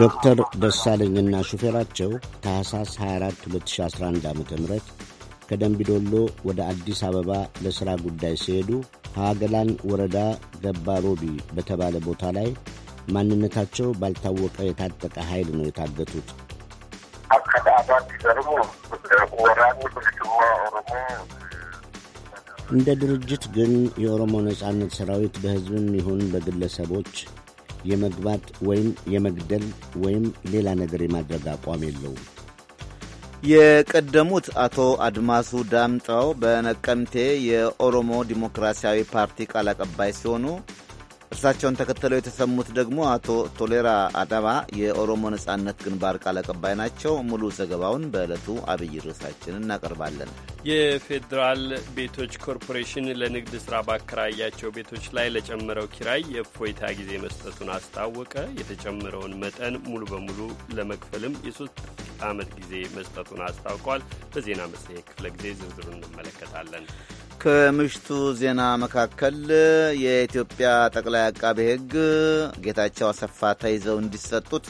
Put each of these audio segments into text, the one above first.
ዶክተር ደሳለኝና ሹፌራቸው ታህሳስ 24 2011 ዓ ም ከደንቢዶሎ ወደ አዲስ አበባ ለሥራ ጉዳይ ሲሄዱ ሀገላን ወረዳ ገባ ሮቢ በተባለ ቦታ ላይ ማንነታቸው ባልታወቀ የታጠቀ ኃይል ነው የታገቱት። እንደ ድርጅት ግን የኦሮሞ ነጻነት ሰራዊት በሕዝብም ይሁን በግለሰቦች የመግባት ወይም የመግደል ወይም ሌላ ነገር የማድረግ አቋም የለውም። የቀደሙት አቶ አድማሱ ዳምጠው በነቀምቴ የኦሮሞ ዲሞክራሲያዊ ፓርቲ ቃል አቀባይ ሲሆኑ እሳቸውን ተከትለው የተሰሙት ደግሞ አቶ ቶሌራ አዳባ የኦሮሞ ነጻነት ግንባር ቃል አቀባይ ናቸው። ሙሉ ዘገባውን በዕለቱ አብይ ርዕሳችን እናቀርባለን። የፌዴራል ቤቶች ኮርፖሬሽን ለንግድ ስራ ባከራያቸው ቤቶች ላይ ለጨመረው ኪራይ የእፎይታ ጊዜ መስጠቱን አስታወቀ። የተጨመረውን መጠን ሙሉ በሙሉ ለመክፈልም የሶስት ዓመት ጊዜ መስጠቱን አስታውቋል። በዜና መጽሔት ክፍለ ጊዜ ዝርዝሩን እንመለከታለን። ከምሽቱ ዜና መካከል የኢትዮጵያ ጠቅላይ አቃቤ ሕግ ጌታቸው አሰፋ ተይዘው እንዲሰጡት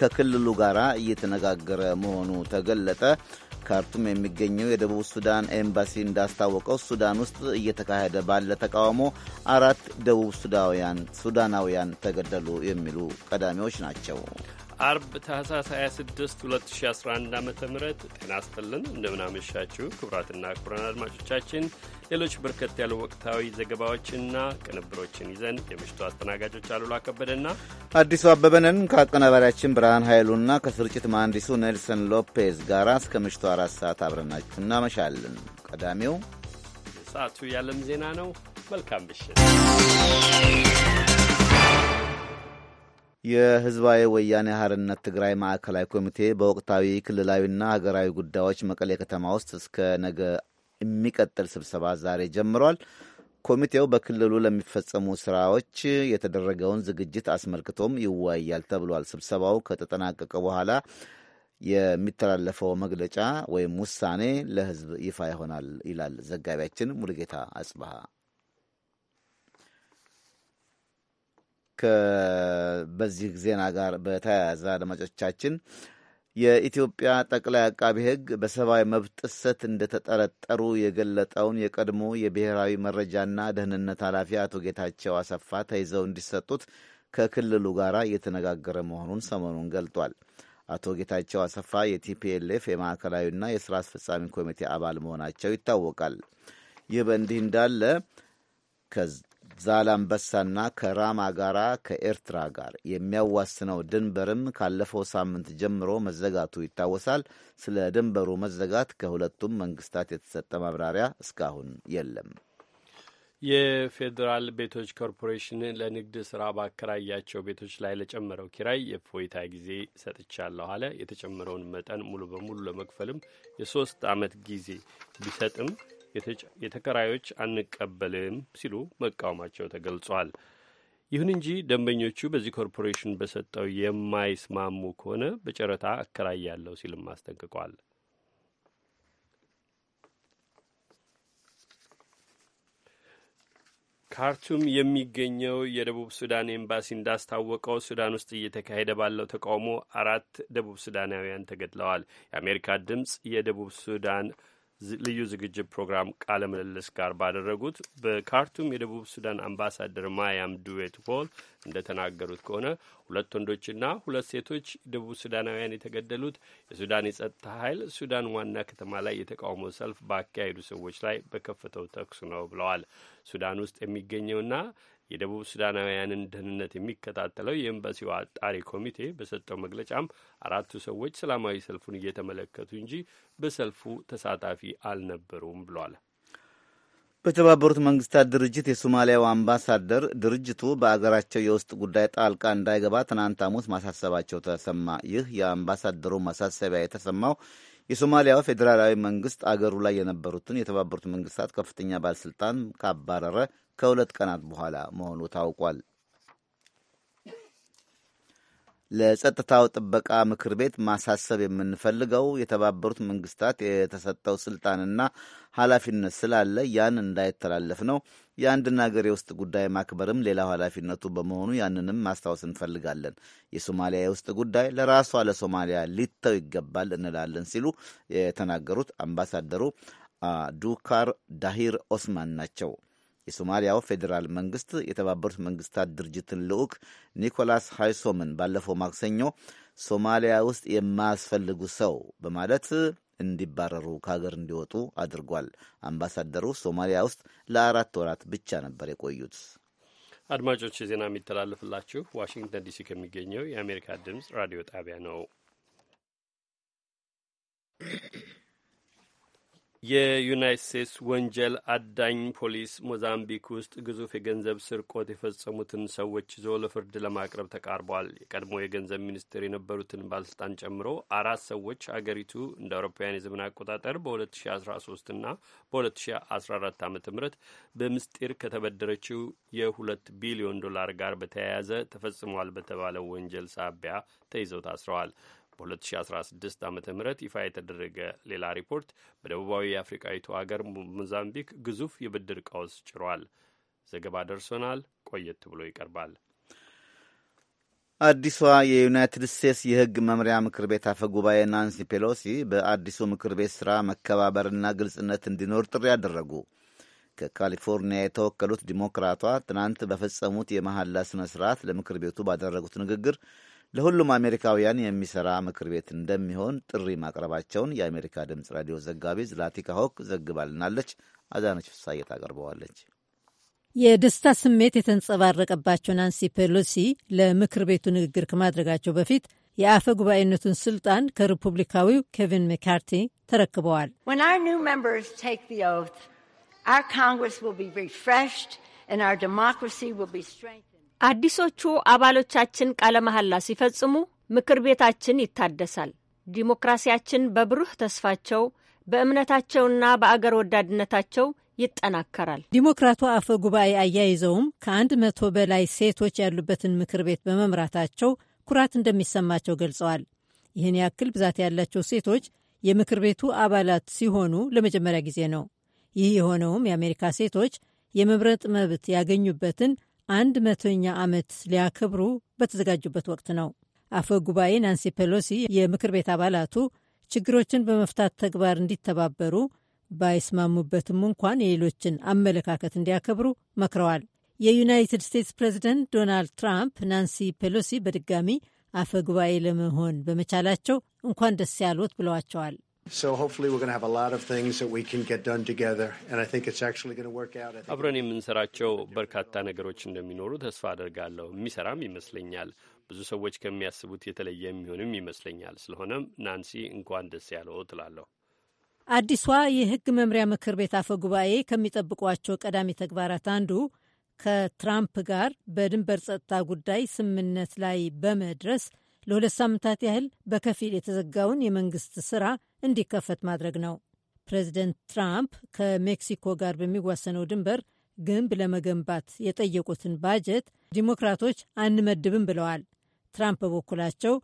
ከክልሉ ጋር እየተነጋገረ መሆኑ ተገለጠ። ካርቱም የሚገኘው የደቡብ ሱዳን ኤምባሲ እንዳስታወቀው ሱዳን ውስጥ እየተካሄደ ባለ ተቃውሞ አራት ደቡብ ሱዳውያን ሱዳናውያን ተገደሉ የሚሉ ቀዳሚዎች ናቸው። አርብ ታህሳስ 26 2011 ዓ ም ጤና ስጥልን፣ እንደምናመሻችሁ ክቡራትና ክቡራን አድማጮቻችን ሌሎች በርከት ያሉ ወቅታዊ ዘገባዎችና ቅንብሮችን ይዘን የምሽቱ አስተናጋጆች አሉላ ከበደና አዲሱ አበበንን ከአቀናባሪያችን ብርሃን ኃይሉና ከስርጭት መሐንዲሱ ኔልሰን ሎፔዝ ጋር እስከ ምሽቱ አራት ሰዓት አብረናችሁ እናመሻለን። ቀዳሚው ሰዓቱ የዓለም ዜና ነው። መልካም ምሽት። የህዝባዊ ወያኔ ሀርነት ትግራይ ማዕከላዊ ኮሚቴ በወቅታዊ ክልላዊና ሀገራዊ ጉዳዮች መቀሌ ከተማ ውስጥ እስከ ነገ የሚቀጥል ስብሰባ ዛሬ ጀምሯል። ኮሚቴው በክልሉ ለሚፈጸሙ ስራዎች የተደረገውን ዝግጅት አስመልክቶም ይወያያል ተብሏል። ስብሰባው ከተጠናቀቀ በኋላ የሚተላለፈው መግለጫ ወይም ውሳኔ ለሕዝብ ይፋ ይሆናል ይላል ዘጋቢያችን ሙልጌታ አጽባሃ። በዚህ ዜና ጋር በተያያዘ አድማጮቻችን የኢትዮጵያ ጠቅላይ አቃቢ ሕግ በሰብአዊ መብት ጥሰት እንደተጠረጠሩ የገለጠውን የቀድሞ የብሔራዊ መረጃና ደህንነት ኃላፊ አቶ ጌታቸው አሰፋ ተይዘው እንዲሰጡት ከክልሉ ጋር እየተነጋገረ መሆኑን ሰሞኑን ገልጧል። አቶ ጌታቸው አሰፋ የቲፒኤልኤፍ የማዕከላዊና የሥራ አስፈጻሚ ኮሚቴ አባል መሆናቸው ይታወቃል። ይህ በእንዲህ እንዳለ ዛላምበሳና ከራማ ጋር ከኤርትራ ጋር የሚያዋስነው ድንበርም ካለፈው ሳምንት ጀምሮ መዘጋቱ ይታወሳል። ስለ ድንበሩ መዘጋት ከሁለቱም መንግስታት የተሰጠ ማብራሪያ እስካሁን የለም። የፌዴራል ቤቶች ኮርፖሬሽን ለንግድ ስራ ባከራያቸው ቤቶች ላይ ለጨመረው ኪራይ የእፎይታ ጊዜ ሰጥቻለሁ አለ። የተጨመረውን መጠን ሙሉ በሙሉ ለመክፈልም የሶስት አመት ጊዜ ቢሰጥም የተከራዮች አንቀበልም ሲሉ መቃወማቸው ተገልጿል። ይሁን እንጂ ደንበኞቹ በዚህ ኮርፖሬሽን በሰጠው የማይስማሙ ከሆነ በጨረታ አከራያለሁ ሲልም አስጠንቅቋል። ካርቱም የሚገኘው የደቡብ ሱዳን ኤምባሲ እንዳስታወቀው ሱዳን ውስጥ እየተካሄደ ባለው ተቃውሞ አራት ደቡብ ሱዳናውያን ተገድለዋል። የአሜሪካ ድምፅ የደቡብ ሱዳን ልዩ ዝግጅት ፕሮግራም ቃለ ምልልስ ጋር ባደረጉት በካርቱም የደቡብ ሱዳን አምባሳደር ማያም ዱዌት ፖል እንደተናገሩት ከሆነ ሁለት ወንዶችና ሁለት ሴቶች ደቡብ ሱዳናውያን የተገደሉት የሱዳን የጸጥታ ኃይል ሱዳን ዋና ከተማ ላይ የተቃውሞ ሰልፍ ባካሄዱ ሰዎች ላይ በከፈተው ተኩስ ነው ብለዋል። ሱዳን ውስጥ የሚገኘውና የደቡብ ሱዳናውያንን ደህንነት የሚከታተለው የኤምባሲው አጣሪ ኮሚቴ በሰጠው መግለጫም አራቱ ሰዎች ሰላማዊ ሰልፉን እየተመለከቱ እንጂ በሰልፉ ተሳታፊ አልነበሩም ብሏል። በተባበሩት መንግስታት ድርጅት የሶማሊያው አምባሳደር ድርጅቱ በአገራቸው የውስጥ ጉዳይ ጣልቃ እንዳይገባ ትናንት ሐሙስ ማሳሰባቸው ተሰማ። ይህ የአምባሳደሩ ማሳሰቢያ የተሰማው የሶማሊያው ፌዴራላዊ መንግስት አገሩ ላይ የነበሩትን የተባበሩት መንግስታት ከፍተኛ ባለሥልጣን ካባረረ ከሁለት ቀናት በኋላ መሆኑ ታውቋል። ለጸጥታው ጥበቃ ምክር ቤት ማሳሰብ የምንፈልገው የተባበሩት መንግስታት የተሰጠው ስልጣንና ኃላፊነት ስላለ ያን እንዳይተላለፍ ነው። የአንድን አገር የውስጥ ጉዳይ ማክበርም ሌላው ኃላፊነቱ በመሆኑ ያንንም ማስታወስ እንፈልጋለን። የሶማሊያ የውስጥ ጉዳይ ለራሷ ለሶማሊያ ሊተው ይገባል እንላለን ሲሉ የተናገሩት አምባሳደሩ ዱካር ዳሂር ኦስማን ናቸው። የሶማሊያው ፌዴራል መንግስት የተባበሩት መንግስታት ድርጅትን ልዑክ ኒኮላስ ሃይሶምን ባለፈው ማክሰኞ ሶማሊያ ውስጥ የማያስፈልጉ ሰው በማለት እንዲባረሩ ከሀገር እንዲወጡ አድርጓል። አምባሳደሩ ሶማሊያ ውስጥ ለአራት ወራት ብቻ ነበር የቆዩት። አድማጮች ዜና የሚተላለፍላችሁ ዋሽንግተን ዲሲ ከሚገኘው የአሜሪካ ድምፅ ራዲዮ ጣቢያ ነው። የዩናይት ስቴትስ ወንጀል አዳኝ ፖሊስ ሞዛምቢክ ውስጥ ግዙፍ የገንዘብ ስርቆት የፈጸሙትን ሰዎች ይዞ ለፍርድ ለማቅረብ ተቃርቧል። የቀድሞ የገንዘብ ሚኒስትር የነበሩትን ባለስልጣን ጨምሮ አራት ሰዎች አገሪቱ እንደ አውሮፓውያን የዘመን አቆጣጠር በ2013 እና በ2014 ዓ ም በምስጢር ከተበደረችው የሁለት ቢሊዮን ዶላር ጋር በተያያዘ ተፈጽሟል በተባለው ወንጀል ሳቢያ ተይዘው ታስረዋል። በ2016 ዓ ም ይፋ የተደረገ ሌላ ሪፖርት በደቡባዊ የአፍሪቃዊቱ አገር ሞዛምቢክ ግዙፍ የብድር ቀውስ ጭሯል። ዘገባ ደርሶናል፣ ቆየት ብሎ ይቀርባል። አዲሷ የዩናይትድ ስቴትስ የሕግ መምሪያ ምክር ቤት አፈ ጉባኤ ናንሲ ፔሎሲ በአዲሱ ምክር ቤት ሥራ መከባበርና ግልጽነት እንዲኖር ጥሪ አደረጉ። ከካሊፎርኒያ የተወከሉት ዲሞክራቷ ትናንት በፈጸሙት የመሐላ ሥነ ሥርዓት ለምክር ቤቱ ባደረጉት ንግግር ለሁሉም አሜሪካውያን የሚሰራ ምክር ቤት እንደሚሆን ጥሪ ማቅረባቸውን የአሜሪካ ድምፅ ራዲዮ ዘጋቢ ዝላቲካ ሆክ ዘግባልናለች። አዛነች ፍሳዬ ታቀርበዋለች። የደስታ ስሜት የተንጸባረቀባቸው ናንሲ ፔሎሲ ለምክር ቤቱ ንግግር ከማድረጋቸው በፊት የአፈ ጉባኤነቱን ስልጣን ከሪፑብሊካዊው ኬቪን መካርቲ ተረክበዋል። አዲሶቹ አባሎቻችን ቃለ መሐላ ሲፈጽሙ ምክር ቤታችን ይታደሳል። ዲሞክራሲያችን በብሩህ ተስፋቸው በእምነታቸውና በአገር ወዳድነታቸው ይጠናከራል። ዲሞክራቱ አፈ ጉባኤ አያይዘውም ከአንድ መቶ በላይ ሴቶች ያሉበትን ምክር ቤት በመምራታቸው ኩራት እንደሚሰማቸው ገልጸዋል። ይህን ያክል ብዛት ያላቸው ሴቶች የምክር ቤቱ አባላት ሲሆኑ ለመጀመሪያ ጊዜ ነው። ይህ የሆነውም የአሜሪካ ሴቶች የመምረጥ መብት ያገኙበትን አንድ መቶኛ ዓመት ሊያከብሩ በተዘጋጁበት ወቅት ነው። አፈ ጉባኤ ናንሲ ፔሎሲ የምክር ቤት አባላቱ ችግሮችን በመፍታት ተግባር እንዲተባበሩ ባይስማሙበትም እንኳን የሌሎችን አመለካከት እንዲያከብሩ መክረዋል። የዩናይትድ ስቴትስ ፕሬዚደንት ዶናልድ ትራምፕ ናንሲ ፔሎሲ በድጋሚ አፈ ጉባኤ ለመሆን በመቻላቸው እንኳን ደስ ያሉት ብለዋቸዋል። አብረን የምንሰራቸው በርካታ ነገሮች እንደሚኖሩ ተስፋ አድርጋለሁ። የሚሰራም ይመስለኛል። ብዙ ሰዎች ከሚያስቡት የተለየ የሚሆንም ይመስለኛል። ስለሆነም ናንሲ እንኳን ደስ ያለው ትላለሁ። አዲሷ የህግ መምሪያ ምክር ቤት አፈ ጉባኤ ከሚጠብቋቸው ቀዳሚ ተግባራት አንዱ ከትራምፕ ጋር በድንበር ጸጥታ ጉዳይ ስምምነት ላይ በመድረስ ለሁለት ሳምንታት ያህል በከፊል የተዘጋውን የመንግስት ስራ እንዲከፈት ማድረግ ነው። ፕሬዚደንት ትራምፕ ከሜክሲኮ ጋር በሚዋሰነው ድንበር ግንብ ለመገንባት የጠየቁትን ባጀት ዲሞክራቶች አንመድብም ብለዋል። ትራምፕ በበኩላቸው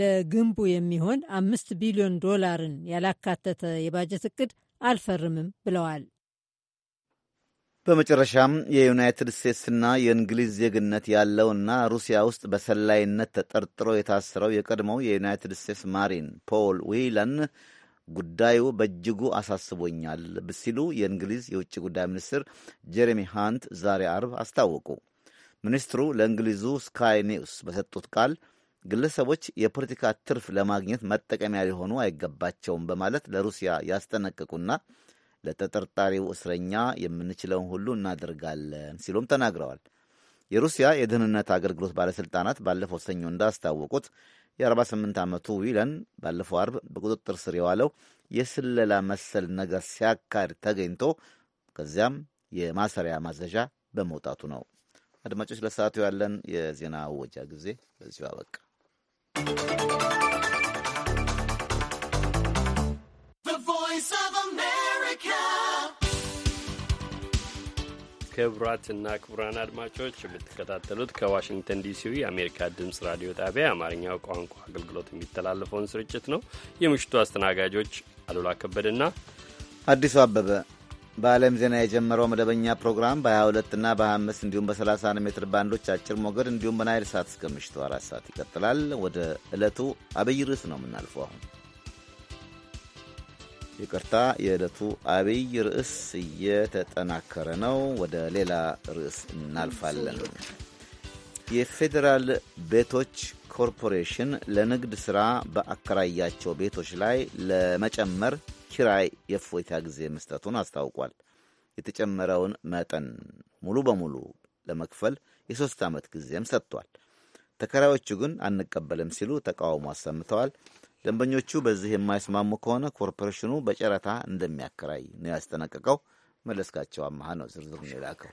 ለግንቡ የሚሆን አምስት ቢሊዮን ዶላርን ያላካተተ የባጀት እቅድ አልፈርምም ብለዋል። በመጨረሻም የዩናይትድ ስቴትስና የእንግሊዝ ዜግነት ያለውና ሩሲያ ውስጥ በሰላይነት ተጠርጥሮ የታሰረው የቀድሞው የዩናይትድ ስቴትስ ማሪን ፖል ዊለን ጉዳዩ በእጅጉ አሳስቦኛል ሲሉ የእንግሊዝ የውጭ ጉዳይ ሚኒስትር ጄሬሚ ሃንት ዛሬ አርብ አስታወቁ። ሚኒስትሩ ለእንግሊዙ ስካይ ኒውስ በሰጡት ቃል ግለሰቦች የፖለቲካ ትርፍ ለማግኘት መጠቀሚያ ሊሆኑ አይገባቸውም በማለት ለሩሲያ ያስጠነቅቁና ለተጠርጣሪው እስረኛ የምንችለውን ሁሉ እናደርጋለን ሲሉም ተናግረዋል። የሩሲያ የደህንነት አገልግሎት ባለሥልጣናት ባለፈው ሰኞ እንዳስታወቁት የ48 ዓመቱ ዊለን ባለፈው አርብ በቁጥጥር ስር የዋለው የስለላ መሰል ነገር ሲያካድ ተገኝቶ ከዚያም የማሰሪያ ማዘዣ በመውጣቱ ነው። አድማጮች፣ ለሰዓቱ ያለን የዜና አወጃ ጊዜ በዚሁ አበቃ። ክቡራትና ክቡራን አድማጮች የምትከታተሉት ከዋሽንግተን ዲሲው የአሜሪካ ድምፅ ራዲዮ ጣቢያ የአማርኛው ቋንቋ አገልግሎት የሚተላለፈውን ስርጭት ነው። የምሽቱ አስተናጋጆች አሉላ ከበድና አዲሱ አበበ። በዓለም ዜና የጀመረው መደበኛ ፕሮግራም በ22 እና በ25 እንዲሁም በ 30 ሜትር ባንዶች አጭር ሞገድ እንዲሁም በናይል ሰዓት እስከ ምሽቱ አራት ሰዓት ይቀጥላል። ወደ ዕለቱ አብይ ርዕስ ነው የምናልፈው አሁን ይቅርታ፣ የዕለቱ አብይ ርዕስ እየተጠናከረ ነው። ወደ ሌላ ርዕስ እናልፋለን። የፌዴራል ቤቶች ኮርፖሬሽን ለንግድ ሥራ በአከራያቸው ቤቶች ላይ ለመጨመር ኪራይ የእፎይታ ጊዜ መስጠቱን አስታውቋል። የተጨመረውን መጠን ሙሉ በሙሉ ለመክፈል የሦስት ዓመት ጊዜም ሰጥቷል። ተከራዮቹ ግን አንቀበልም ሲሉ ተቃውሞ አሰምተዋል። ደንበኞቹ በዚህ የማይስማሙ ከሆነ ኮርፖሬሽኑ በጨረታ እንደሚያከራይ ነው ያስጠነቀቀው። መለስካቸው አመሃ ነው ዝርዝሩን የላከው።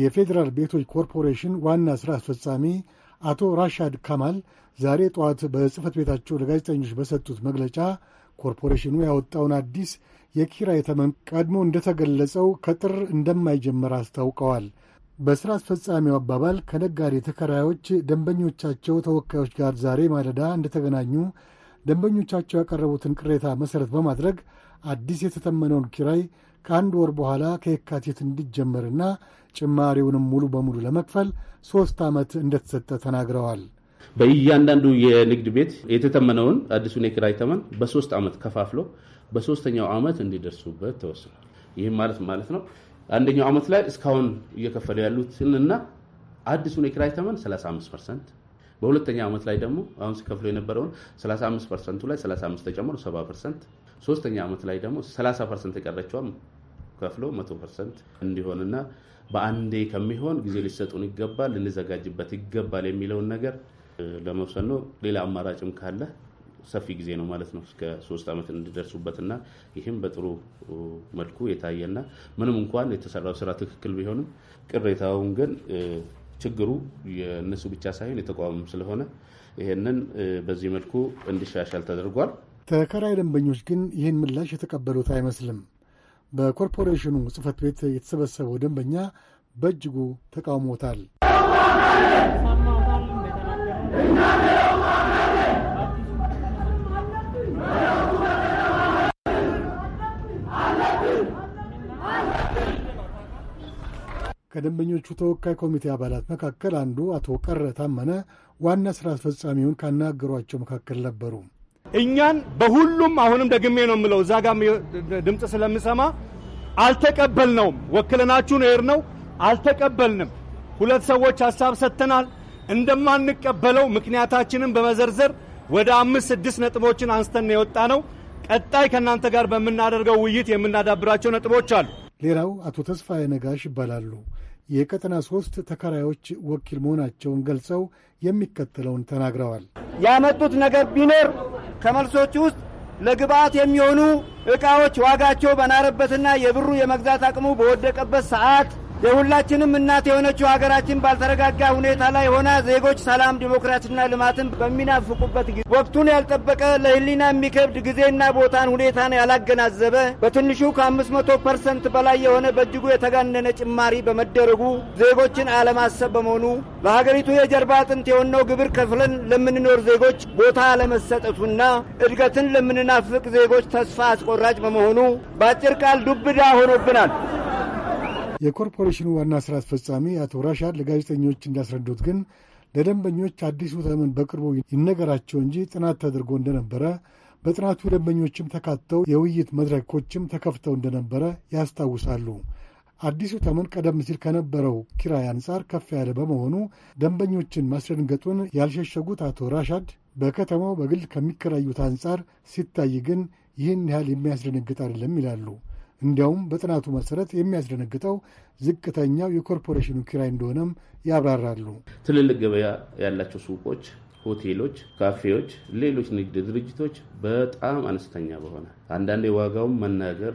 የፌዴራል ቤቶች ኮርፖሬሽን ዋና ሥራ አስፈጻሚ አቶ ራሻድ ካማል ዛሬ ጠዋት በጽህፈት ቤታቸው ለጋዜጠኞች በሰጡት መግለጫ ኮርፖሬሽኑ ያወጣውን አዲስ የኪራይ ተመን ቀድሞ እንደተገለጸው ከጥር እንደማይጀመር አስታውቀዋል። በሥራ አስፈጻሚው አባባል ከነጋዴ ተከራዮች ደንበኞቻቸው ተወካዮች ጋር ዛሬ ማለዳ እንደተገናኙ ደንበኞቻቸው ያቀረቡትን ቅሬታ መሠረት በማድረግ አዲስ የተተመነውን ኪራይ ከአንድ ወር በኋላ ከየካቲት እንዲጀመርና ጭማሪውንም ሙሉ በሙሉ ለመክፈል ሦስት ዓመት እንደተሰጠ ተናግረዋል። በእያንዳንዱ የንግድ ቤት የተተመነውን አዲሱን የኪራይ ተመን በሶስት ዓመት ከፋፍሎ በሶስተኛው ዓመት እንዲደርሱበት ተወስኗል። ይህም ማለት ማለት ነው አንደኛው ዓመት ላይ እስካሁን እየከፈለ ያሉትን እና አዲሱን የኪራይ ተመን 35 ፐርሰንት በሁለተኛ ዓመት ላይ ደግሞ አሁን ሲከፍሉ የነበረውን 35 ፐርሰንቱ ላይ 35 ተጨምሮ 70 ፐርሰንት፣ ሶስተኛ ዓመት ላይ ደግሞ 30 ፐርሰንት የቀረችዋም ከፍሎ 100 ፐርሰንት እንዲሆንና በአንዴ ከሚሆን ጊዜ ሊሰጡን ይገባል፣ ልንዘጋጅበት ይገባል የሚለውን ነገር ለመውሰን ነው። ሌላ አማራጭም ካለ ሰፊ ጊዜ ነው ማለት ነው። እስከ ሶስት ዓመት እንዲደርሱበትና ይህም በጥሩ መልኩ የታየና ምንም እንኳን የተሰራው ስራ ትክክል ቢሆንም ቅሬታውን ግን ችግሩ የእነሱ ብቻ ሳይሆን የተቋሙም ስለሆነ ይህንን በዚህ መልኩ እንዲሻሻል ተደርጓል። ተከራይ ደንበኞች ግን ይህን ምላሽ የተቀበሉት አይመስልም። በኮርፖሬሽኑ ጽህፈት ቤት የተሰበሰበው ደንበኛ በእጅጉ ተቃውሞታል። ከደንበኞቹ ተወካይ ኮሚቴ አባላት መካከል አንዱ አቶ ቀረ ታመነ ዋና ሥራ አስፈጻሚውን ካናገሯቸው መካከል ነበሩ። እኛን በሁሉም አሁንም ደግሜ ነው የምለው እዛ ጋ ድምፅ ስለምሰማ አልተቀበልነውም። ወክለናችሁን ሄድ ነው አልተቀበልንም። ሁለት ሰዎች ሀሳብ ሰጥተናል። እንደማንቀበለው ምክንያታችንን በመዘርዘር ወደ አምስት ስድስት ነጥቦችን አንስተን የወጣ ነው። ቀጣይ ከእናንተ ጋር በምናደርገው ውይይት የምናዳብራቸው ነጥቦች አሉ። ሌላው አቶ ተስፋዬ ነጋሽ ይባላሉ። የቀጠና ሶስት ተከራዮች ወኪል መሆናቸውን ገልጸው የሚከተለውን ተናግረዋል። ያመጡት ነገር ቢኖር ከመልሶች ውስጥ ለግብአት የሚሆኑ ዕቃዎች ዋጋቸው በናረበትና የብሩ የመግዛት አቅሙ በወደቀበት ሰዓት የሁላችንም እናት የሆነችው ሀገራችን ባልተረጋጋ ሁኔታ ላይ ሆና ዜጎች ሰላም፣ ዲሞክራሲና ልማትን በሚናፍቁበት ጊዜ ወቅቱን ያልጠበቀ ለህሊና የሚከብድ ጊዜና ቦታን ሁኔታን ያላገናዘበ በትንሹ ከአምስት መቶ ፐርሰንት በላይ የሆነ በእጅጉ የተጋነነ ጭማሪ በመደረጉ ዜጎችን አለማሰብ በመሆኑ ለሀገሪቱ የጀርባ አጥንት የሆነው ግብር ከፍለን ለምንኖር ዜጎች ቦታ አለመሰጠቱና እድገትን ለምንናፍቅ ዜጎች ተስፋ አስቆራጭ በመሆኑ በአጭር ቃል ዱብዳ ሆኖብናል። የኮርፖሬሽኑ ዋና ስራ አስፈጻሚ አቶ ራሻድ ለጋዜጠኞች እንዳስረዱት ግን ለደንበኞች አዲሱ ተመን በቅርቡ ይነገራቸው እንጂ ጥናት ተደርጎ እንደነበረ በጥናቱ ደንበኞችም ተካተው የውይይት መድረኮችም ተከፍተው እንደነበረ ያስታውሳሉ። አዲሱ ተመን ቀደም ሲል ከነበረው ኪራይ አንጻር ከፍ ያለ በመሆኑ ደንበኞችን ማስደንገጡን ያልሸሸጉት አቶ ራሻድ በከተማው በግል ከሚከራዩት አንጻር ሲታይ ግን ይህን ያህል የሚያስደነግጥ አይደለም ይላሉ። እንዲያውም በጥናቱ መሰረት የሚያስደነግጠው ዝቅተኛው የኮርፖሬሽኑ ኪራይ እንደሆነም ያብራራሉ። ትልልቅ ገበያ ያላቸው ሱቆች፣ ሆቴሎች፣ ካፌዎች፣ ሌሎች ንግድ ድርጅቶች በጣም አነስተኛ በሆነ አንዳንዴ ዋጋውን መናገር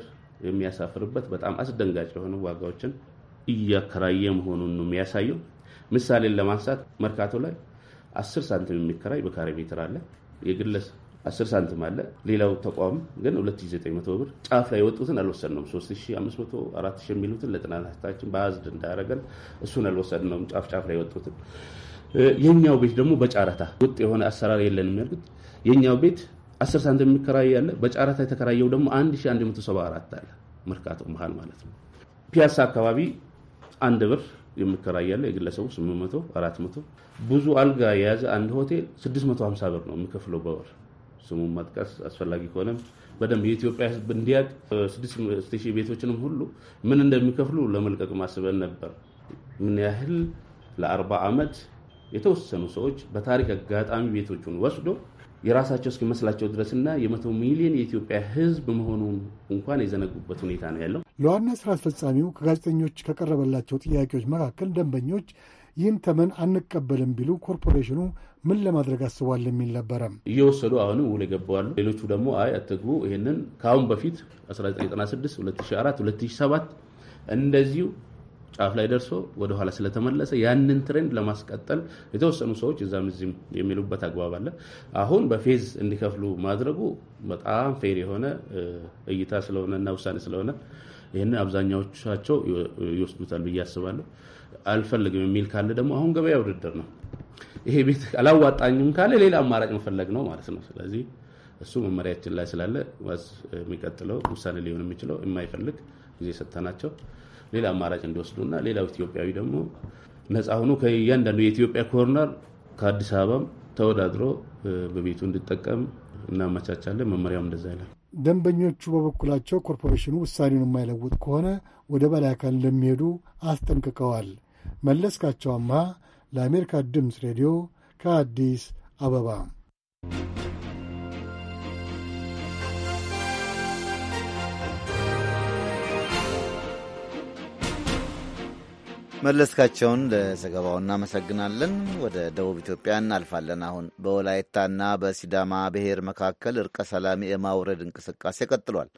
የሚያሳፍርበት በጣም አስደንጋጭ የሆኑ ዋጋዎችን እያከራየ መሆኑን ነው የሚያሳየው። ምሳሌን ለማንሳት መርካቶ ላይ አስር ሳንቲም የሚከራይ በካሬ ሜትር አለ የግለሰብ 10 ሳንቲም አለ። ሌላው ተቋም ግን 2900 ብር ጫፍ ላይ የወጡትን አልወሰድነውም። 3500 4000 የሚሉትን ለጥናታችን በአዝድ እንዳያደረገን እሱን አልወሰድነውም። ጫፍ ጫፍ ላይ የወጡትን የኛው ቤት ደግሞ በጨረታ ውጥ የሆነ አሰራር የለንም። ያልኩት የኛው ቤት 10 ሳንቲም የሚከራይ ያለ በጨረታ የተከራየው ደግሞ 1174 አለ። መርካቶ መሀል ማለት ነው። ፒያሳ አካባቢ አንድ ብር የሚከራይ ያለ የግለሰቡ 800 400 ብዙ አልጋ የያዘ አንድ ሆቴል 650 ብር ነው የሚከፍለው በወር ስሙን መጥቀስ አስፈላጊ ከሆነም በደንብ የኢትዮጵያ ሕዝብ እንዲያቅ ስድስት ሺህ ቤቶችንም ሁሉ ምን እንደሚከፍሉ ለመልቀቅ ማስበን ነበር። ምን ያህል ለአርባ ዓመት የተወሰኑ ሰዎች በታሪክ አጋጣሚ ቤቶቹን ወስዶ የራሳቸው እስኪመስላቸው ድረስና የመቶ ሚሊዮን የኢትዮጵያ ህዝብ መሆኑን እንኳን የዘነጉበት ሁኔታ ነው ያለው። ለዋና ስራ አስፈጻሚው ከጋዜጠኞች ከቀረበላቸው ጥያቄዎች መካከል ደንበኞች ይህን ተመን አንቀበልም ቢሉ ኮርፖሬሽኑ ምን ለማድረግ አስቧል የሚል ነበረ። እየወሰዱ አሁንም ውል የገባዋሉ። ሌሎቹ ደግሞ አይ አትግቡ፣ ይህንን ከአሁን በፊት 1996፣ 2004፣ 2007 እንደዚሁ ጫፍ ላይ ደርሶ ወደኋላ ስለተመለሰ ያንን ትሬንድ ለማስቀጠል የተወሰኑ ሰዎች እዛም እዚህም የሚሉበት አግባብ አለ። አሁን በፌዝ እንዲከፍሉ ማድረጉ በጣም ፌር የሆነ እይታ ስለሆነ እና ውሳኔ ስለሆነ ይህንን አብዛኛዎቻቸው ይወስዱታል ብዬ አስባለሁ። አልፈልግም የሚል ካለ ደግሞ አሁን ገበያ ውድድር ነው። ይሄ ቤት አላዋጣኝም ካለ ሌላ አማራጭ መፈለግ ነው ማለት ነው። ስለዚህ እሱ መመሪያችን ላይ ስላለ ዋስ የሚቀጥለው ውሳኔ ሊሆን የሚችለው የማይፈልግ ጊዜ ሰጥተናቸው ሌላ አማራጭ እንዲወስዱና ሌላው ኢትዮጵያዊ ደግሞ ነፃ ሆኖ ከእያንዳንዱ የኢትዮጵያ ኮርነር ከአዲስ አበባም ተወዳድሮ በቤቱ እንዲጠቀም እናመቻቻለን። መመሪያውም እንደዛ ይላል። ደንበኞቹ በበኩላቸው ኮርፖሬሽኑ ውሳኔውን የማይለውጥ ከሆነ ወደ በላይ አካል እንደሚሄዱ አስጠንቅቀዋል። መለስካቸው ለአሜሪካ ድምፅ ሬዲዮ ከአዲስ አበባ መለስካቸውን ለዘገባው እናመሰግናለን። ወደ ደቡብ ኢትዮጵያ እናልፋለን። አሁን በወላይታና በሲዳማ ብሔር መካከል እርቀ ሰላም የማውረድ እንቅስቃሴ ቀጥሏል።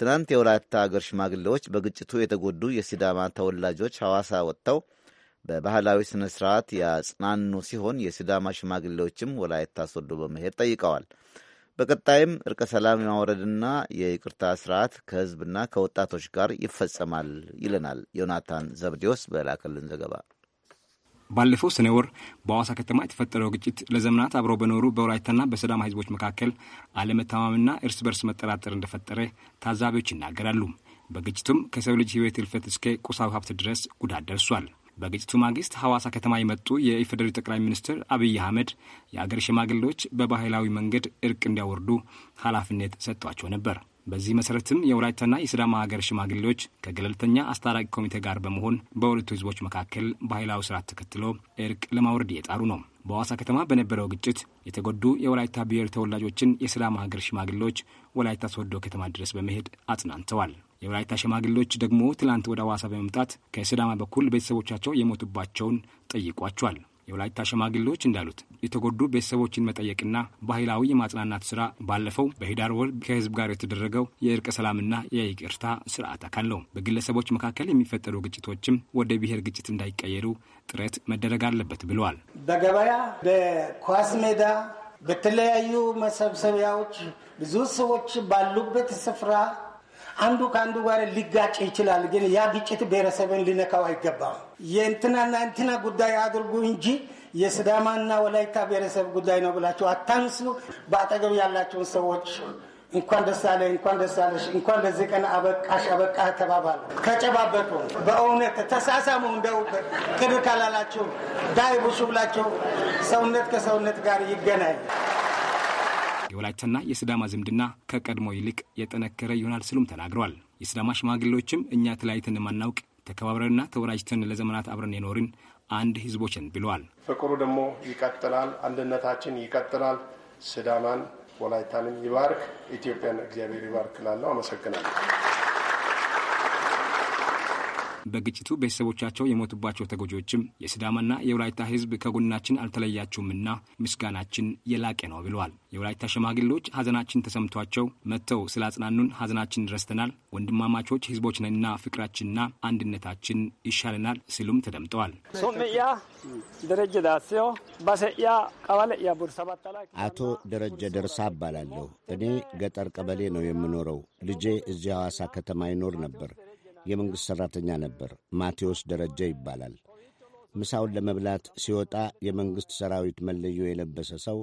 ትናንት የወላይታ አገር ሽማግሌዎች በግጭቱ የተጎዱ የሲዳማ ተወላጆች ሐዋሳ ወጥተው በባህላዊ ስነ ስርዓት ያጽናኑ ሲሆን የሲዳማ ሽማግሌዎችም ወላይታ ሶዶ በመሄድ ጠይቀዋል። በቀጣይም እርቀ ሰላም የማውረድና የይቅርታ ስርዓት ከህዝብና ከወጣቶች ጋር ይፈጸማል ይለናል ዮናታን ዘብዴዎስ በላከልን ዘገባ። ባለፈው ሰኔ ወር በአዋሳ ከተማ የተፈጠረው ግጭት ለዘመናት አብረው በኖሩ በወላይታና በሲዳማ ህዝቦች መካከል አለመተማመንና እርስ በርስ መጠራጠር እንደፈጠረ ታዛቢዎች ይናገራሉ። በግጭቱም ከሰው ልጅ ህይወት እልፈት እስከ ቁሳዊ ሀብት ድረስ ጉዳት ደርሷል። በግጭቱ ማግስት ሐዋሳ ከተማ የመጡ የኢፌዴሪ ጠቅላይ ሚኒስትር አብይ አህመድ የአገር ሽማግሌዎች በባህላዊ መንገድ እርቅ እንዲያወርዱ ኃላፊነት ሰጥቷቸው ነበር። በዚህ መሰረትም የወላይታና የስዳማ ሀገር ሽማግሌዎች ከገለልተኛ አስታራቂ ኮሚቴ ጋር በመሆን በሁለቱ ህዝቦች መካከል ባህላዊ ስርዓት ተከትሎ እርቅ ለማውረድ እየጣሩ ነው። በሐዋሳ ከተማ በነበረው ግጭት የተጎዱ የወላይታ ብሔር ተወላጆችን የስዳማ ሀገር ሽማግሌዎች ወላይታ ሶዶ ከተማ ድረስ በመሄድ አጽናንተዋል። የወላይታ ሽማግሌዎች ደግሞ ትላንት ወደ ሐዋሳ በመምጣት ከስዳማ በኩል ቤተሰቦቻቸው የሞቱባቸውን ጠይቋቸዋል። የወላይታ ሸማግሌዎች እንዳሉት የተጎዱ ቤተሰቦችን መጠየቅና ባህላዊ የማጽናናት ስራ ባለፈው በሂዳር ወር ከህዝብ ጋር የተደረገው የእርቀ ሰላምና የይቅርታ ስርዓት አካል ነው። በግለሰቦች መካከል የሚፈጠሩ ግጭቶችም ወደ ብሔር ግጭት እንዳይቀየሩ ጥረት መደረግ አለበት ብለዋል። በገበያ፣ በኳስ ሜዳ፣ በተለያዩ መሰብሰቢያዎች ብዙ ሰዎች ባሉበት ስፍራ አንዱ ከአንዱ ጋር ሊጋጭ ይችላል፣ ግን ያ ግጭት ብሔረሰብን ሊነካው አይገባም። የእንትናና እንትና ጉዳይ አድርጉ እንጂ የስዳማና ወላይታ ብሔረሰብ ጉዳይ ነው ብላችሁ አታንሱ። በአጠገብ ያላቸውን ሰዎች እንኳን ደስ አለ፣ እንኳን ደስ አለሽ፣ እንኳን ለዚህ ቀን አበቃሽ፣ አበቃ ተባባሉ፣ ከጨባበቱ በእውነት ተሳሳሙ። እንደው ቅር ካላላቸው ዳይ ቡሹ ሰውነት ከሰውነት ጋር ይገናኝ። የወላይታና የስዳማ ዝምድና ከቀድሞ ይልቅ የጠነከረ ይሆናል ስሉም ተናግረዋል። የስዳማ ሽማግሌዎችም እኛ ተለያይተን ማናውቅ ተከባብረንና ተወራጅተን ለዘመናት አብረን የኖርን አንድ ህዝቦችን ብለዋል። ፍቅሩ ደግሞ ይቀጥላል፣ አንድነታችን ይቀጥላል። ስዳማን ወላይታንም ይባርክ፣ ኢትዮጵያን እግዚአብሔር ይባርክ። ላለው አመሰግናለሁ። በግጭቱ ቤተሰቦቻቸው የሞቱባቸው ተጎጂዎችም የስዳማና የውላይታ ህዝብ ከጎናችን አልተለያችሁምና ምስጋናችን የላቀ ነው ብለዋል። የውላይታ ሸማግሌዎች ሀዘናችን ተሰምቷቸው መጥተው ስላጽናኑን ሀዘናችን ረስተናል፣ ወንድማማቾች ህዝቦች ነንና ፍቅራችንና አንድነታችን ይሻለናል ሲሉም ተደምጠዋል። አቶ ደረጀ ደርሳ እባላለሁ። እኔ ገጠር ቀበሌ ነው የምኖረው። ልጄ እዚህ ሐዋሳ ከተማ ይኖር ነበር። የመንግሥት ሠራተኛ ነበር። ማቴዎስ ደረጀ ይባላል። ምሳውን ለመብላት ሲወጣ የመንግሥት ሰራዊት መለዮ የለበሰ ሰው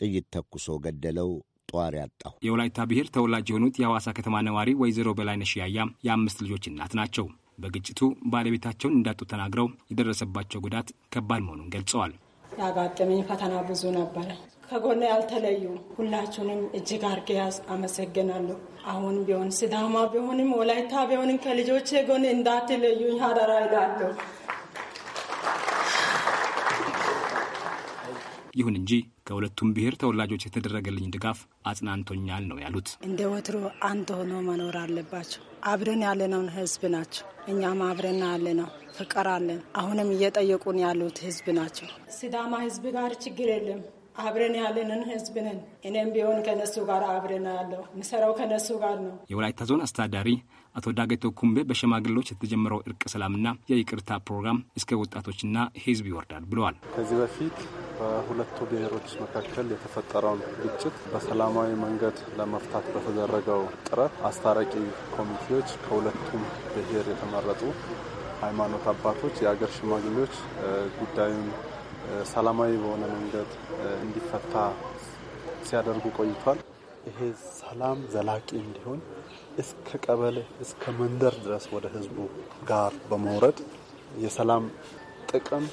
ጥይት ተኩሶ ገደለው። ጧሪ ያጣሁ የወላይታ ብሔር ተወላጅ የሆኑት የሐዋሳ ከተማ ነዋሪ ወይዘሮ በላይነሽ ያያ የአምስት ልጆች እናት ናቸው። በግጭቱ ባለቤታቸውን እንዳጡ ተናግረው የደረሰባቸው ጉዳት ከባድ መሆኑን ገልጸዋል። ያጋጠመኝ ፈተና ብዙ ነበረ። ከጎነ ያልተለዩ ሁላችሁንም እጅግ አርጌ አመሰግናለሁ። አሁን ቢሆን ሲዳማ ቢሆንም ወላይታ ቢሆንም ከልጆቼ ጎን እንዳትለዩኝ አደራ እላለሁ። ይሁን እንጂ ከሁለቱም ብሔር ተወላጆች የተደረገልኝ ድጋፍ አጽናንቶኛል ነው ያሉት። እንደ ወትሮ አንድ ሆኖ መኖር አለባቸው። አብረን ያለነውን ህዝብ ናቸው። እኛም አብረን ያለነው ፍቅር አለን። አሁንም እየጠየቁን ያሉት ህዝብ ናቸው። ሲዳማ ህዝብ ጋር ችግር የለም። አብረን ያለንን ህዝብ ነን። እኔም ቢሆን ከነሱ ጋር አብረን ያለው ምሰራው ከነሱ ጋር ነው። የወላይታ ዞን አስተዳዳሪ አቶ ዳገቶ ኩምቤ በሸማግሌዎች የተጀመረው እርቅ ሰላምና የይቅርታ ፕሮግራም እስከ ወጣቶችና ህዝብ ይወርዳል ብለዋል። ከዚህ በፊት በሁለቱ ብሔሮች መካከል የተፈጠረውን ግጭት በሰላማዊ መንገድ ለመፍታት በተደረገው ጥረት አስታራቂ ኮሚቴዎች ከሁለቱም ብሔር የተመረጡ ሃይማኖት አባቶች፣ የአገር ሽማግሌዎች ጉዳዩን ሰላማዊ በሆነ መንገድ እንዲፈታ ሲያደርጉ ቆይቷል። ይሄ ሰላም ዘላቂ እንዲሆን እስከ ቀበሌ እስከ መንደር ድረስ ወደ ህዝቡ ጋር በመውረድ የሰላም ጥቅም